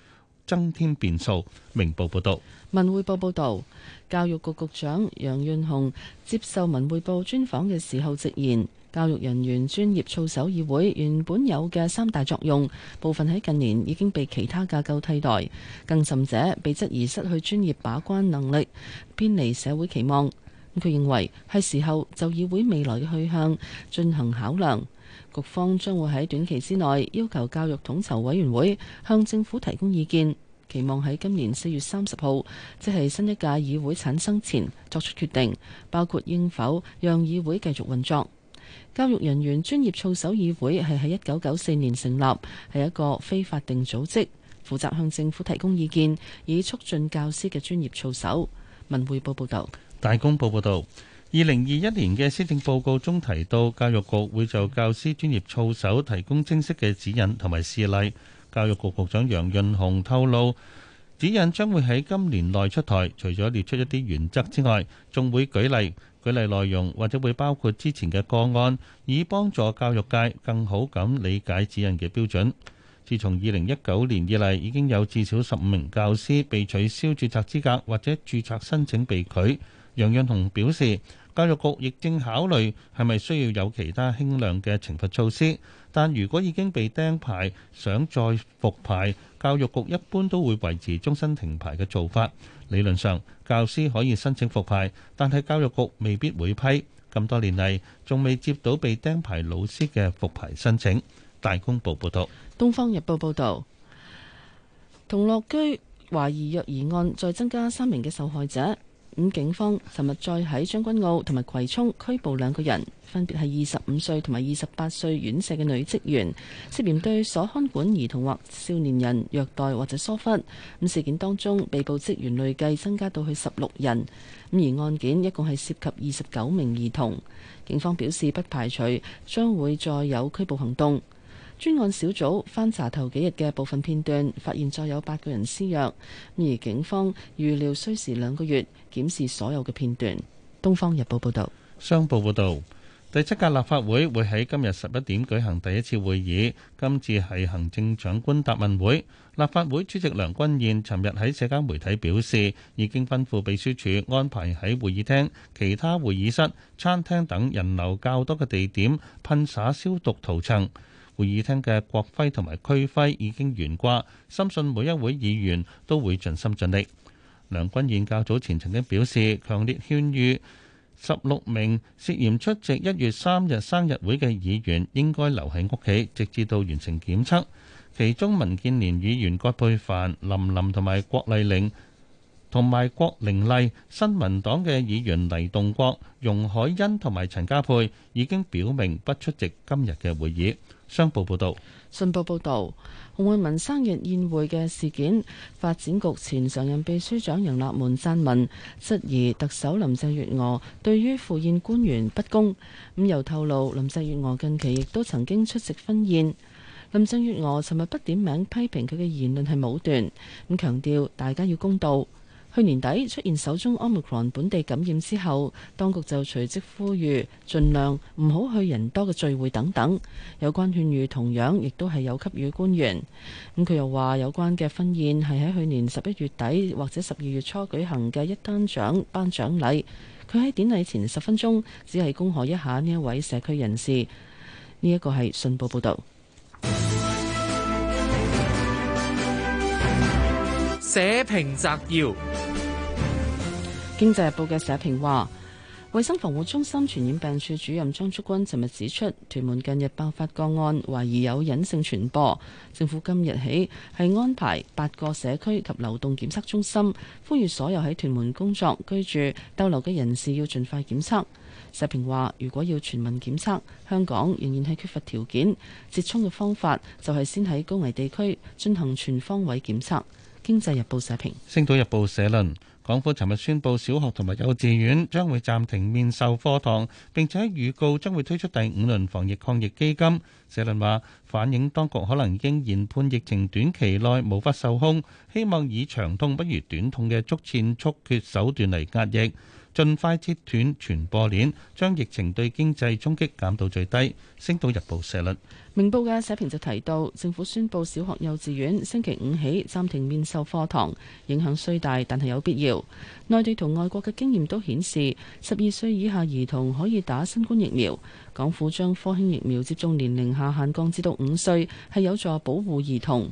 增添變數，明報報道，文匯報報道，教育局局長楊潤雄接受文匯報專訪嘅時候直言。教育人員專業操守議會原本有嘅三大作用，部分喺近年已經被其他架構替代，更甚者被質疑失去專業把關能力，偏離社會期望。佢認為係時候就議會未來嘅去向進行考量。局方將會喺短期之內要求教育統籌委員會向政府提供意見，期望喺今年四月三十號，即係新一屆議會產生前作出決定，包括應否讓議會繼續運作。教育人員專業操守議會係喺一九九四年成立，係一個非法定組織，負責向政府提供意見，以促進教師嘅專業操守。文匯報報道，大公報報道，二零二一年嘅施政報告中提到，教育局會就教師專業操守提供正式嘅指引同埋示例。教育局局長楊潤雄透露，指引將會喺今年內出台，除咗列出一啲原則之外，仲會舉例。舉例內容或者會包括之前嘅個案，以幫助教育界更好咁理解指引嘅標準。自從二零一九年以嚟，已經有至少十五名教師被取消註冊資格，或者註冊申請被拒。楊潤雄表示，教育局亦正考慮係咪需要有其他輕量嘅懲罰措施。但如果已經被釘牌，想再復牌，教育局一般都會維持終身停牌嘅做法。理論上，教師可以申請復牌，但係教育局未必會批。咁多年嚟，仲未接到被釘牌老師嘅復牌申請。《大公報》報道。《東方日報》報道，同樂居懷疑虐兒案再增加三名嘅受害者。警方尋日再喺將軍澳同埋葵涌拘捕兩個人，分別係二十五歲同埋二十八歲院舍嘅女職員，涉嫌對所看管兒童或少年人虐待或者疏忽。咁事件當中被捕職員累計增加到去十六人。咁而案件一共係涉及二十九名兒童。警方表示不排除將會再有拘捕行動。專案小組翻查頭幾日嘅部分片段，發現再有八個人施虐。而警方預料需時兩個月，檢視所有嘅片段。《東方日報》報導，《商報》報導，第七屆立法會會喺今日十一點舉行第一次會議，今次係行政長官答問會。立法會主席梁君彥尋日喺社交媒體表示，已經吩咐秘書處安排喺會議廳、其他會議室、餐廳等人流較多嘅地點噴灑消毒塗層。會議廳嘅國徽同埋區徽已經懸掛，深信每一位議員都會盡心盡力。梁君彥較早前曾經表示，強烈勸喻十六名涉嫌出席一月三日生日會嘅議員應該留喺屋企，直至到完成檢測。其中，民建聯議員葛珮帆、林琳同埋郭麗玲，同埋郭玲麗，新民黨嘅議員黎棟國、容海恩同埋陳家珮已經表明不出席今日嘅會議。商報報道。信報報導，洪為民生日宴會嘅事件，發展局前常任秘書長楊立門撰文質疑特首林鄭月娥對於赴宴官員不公。咁又透露，林鄭月娥近期亦都曾經出席婚宴。林鄭月娥尋日不點名批評佢嘅言論係武斷，咁強調大家要公道。去年底出現首宗 Omicron 本地感染之後，當局就隨即呼籲，盡量唔好去人多嘅聚會等等。有關勸喻同樣亦都係有給予官員。咁佢又話，有關嘅婚宴係喺去年十一月底或者十二月初舉行嘅一單獎項頒獎禮。佢喺典禮前十分鐘，只係恭賀一下呢一位社區人士。呢一個係信報報導。社評摘要：經濟日報嘅社評話，衛生防護中心傳染病處主任張竹君尋日指出，屯門近日爆發個案，懷疑有隱性傳播。政府今日起係安排八個社區及流動檢測中心，呼籲所有喺屯門工作、居住、逗留嘅人士要盡快檢測。社評話，如果要全民檢測，香港仍然係缺乏條件，折衷嘅方法就係先喺高危地區進行全方位檢測。《經濟日報》社評。《星島日報》社論，港府尋日宣布小學同埋幼稚園將會暫停面授課堂，並且預告將會推出第五輪防疫抗疫基金。社論話，反映當局可能已經研判疫情短期內無法受控，希望以長痛不如短痛嘅速戰速決手段嚟壓抑。盡快切斷傳播鏈，將疫情對經濟衝擊減到最低。星島日報社論。明報嘅社評就提到，政府宣布小學、幼稚園星期五起暫停面授課堂，影響雖大，但係有必要。內地同外國嘅經驗都顯示，十二歲以下兒童可以打新冠疫苗。港府將科興疫苗接種年齡下限降至到五歲，係有助保護兒童。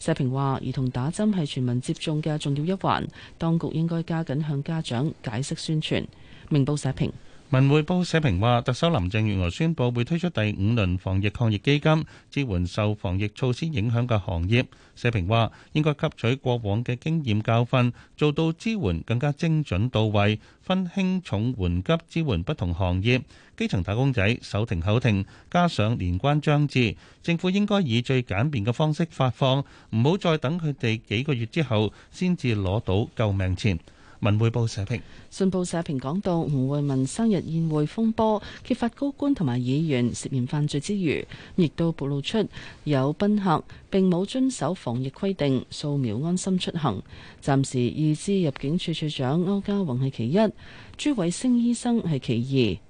社評話：兒童打針係全民接種嘅重要一環，當局應該加緊向家長解釋宣傳。明報社評。。文匯報社評話，特首林鄭月娥宣布會推出第五輪防疫抗疫基金，支援受防疫措施影響嘅行業。社評話，應該吸取過往嘅經驗教訓，做到支援更加精準到位，分輕重緩急支援不同行業。基層打工仔手停口停，加上年關將至，政府應該以最簡便嘅方式發放，唔好再等佢哋幾個月之後先至攞到救命錢。文匯報社評，信報社評講到吳慧民生日宴會風波揭發高官同埋議員涉嫌犯罪之餘，亦都暴露出有賓客並冇遵守防疫規定，掃描安心出行。暫時已知入境處處長歐家宏係其一，朱偉星醫生係其二。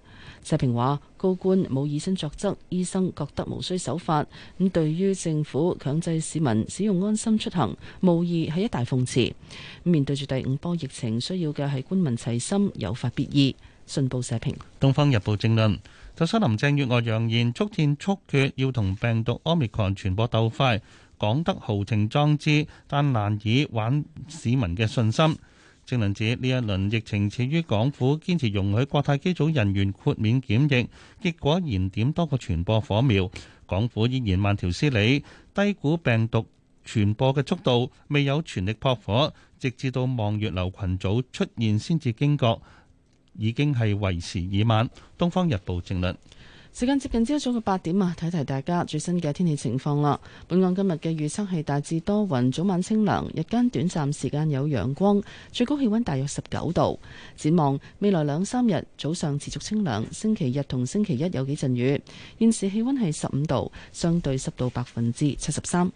社評話：高官冇以身作則，醫生覺得無需守法。咁對於政府強制市民使用安心出行，無疑係一大諷刺。面對住第五波疫情，需要嘅係官民齊心，有法必依。信報社評，《東方日報》政論：特首林鄭月娥揚言速戰速決，要同病毒 Omicron 傳播鬥快，講得豪情壯志，但難以挽市民嘅信心。正論指呢一輪疫情始於港府堅持容許國泰機組人員豁免檢疫，結果燃點多個傳播火苗。港府依然慢條斯理，低估病毒傳播嘅速度，未有全力撲火，直至到望月樓群組出現先至驚覺已經係為時已晚。《東方日報》正論。時間接近朝早嘅八點啊，提提大家最新嘅天氣情況啦。本港今日嘅預測係大致多雲，早晚清涼，日間短暫時間有陽光，最高氣溫大約十九度。展望未來兩三日早上持續清涼，星期日同星期一有幾陣雨。現時氣溫係十五度，相對濕度百分之七十三。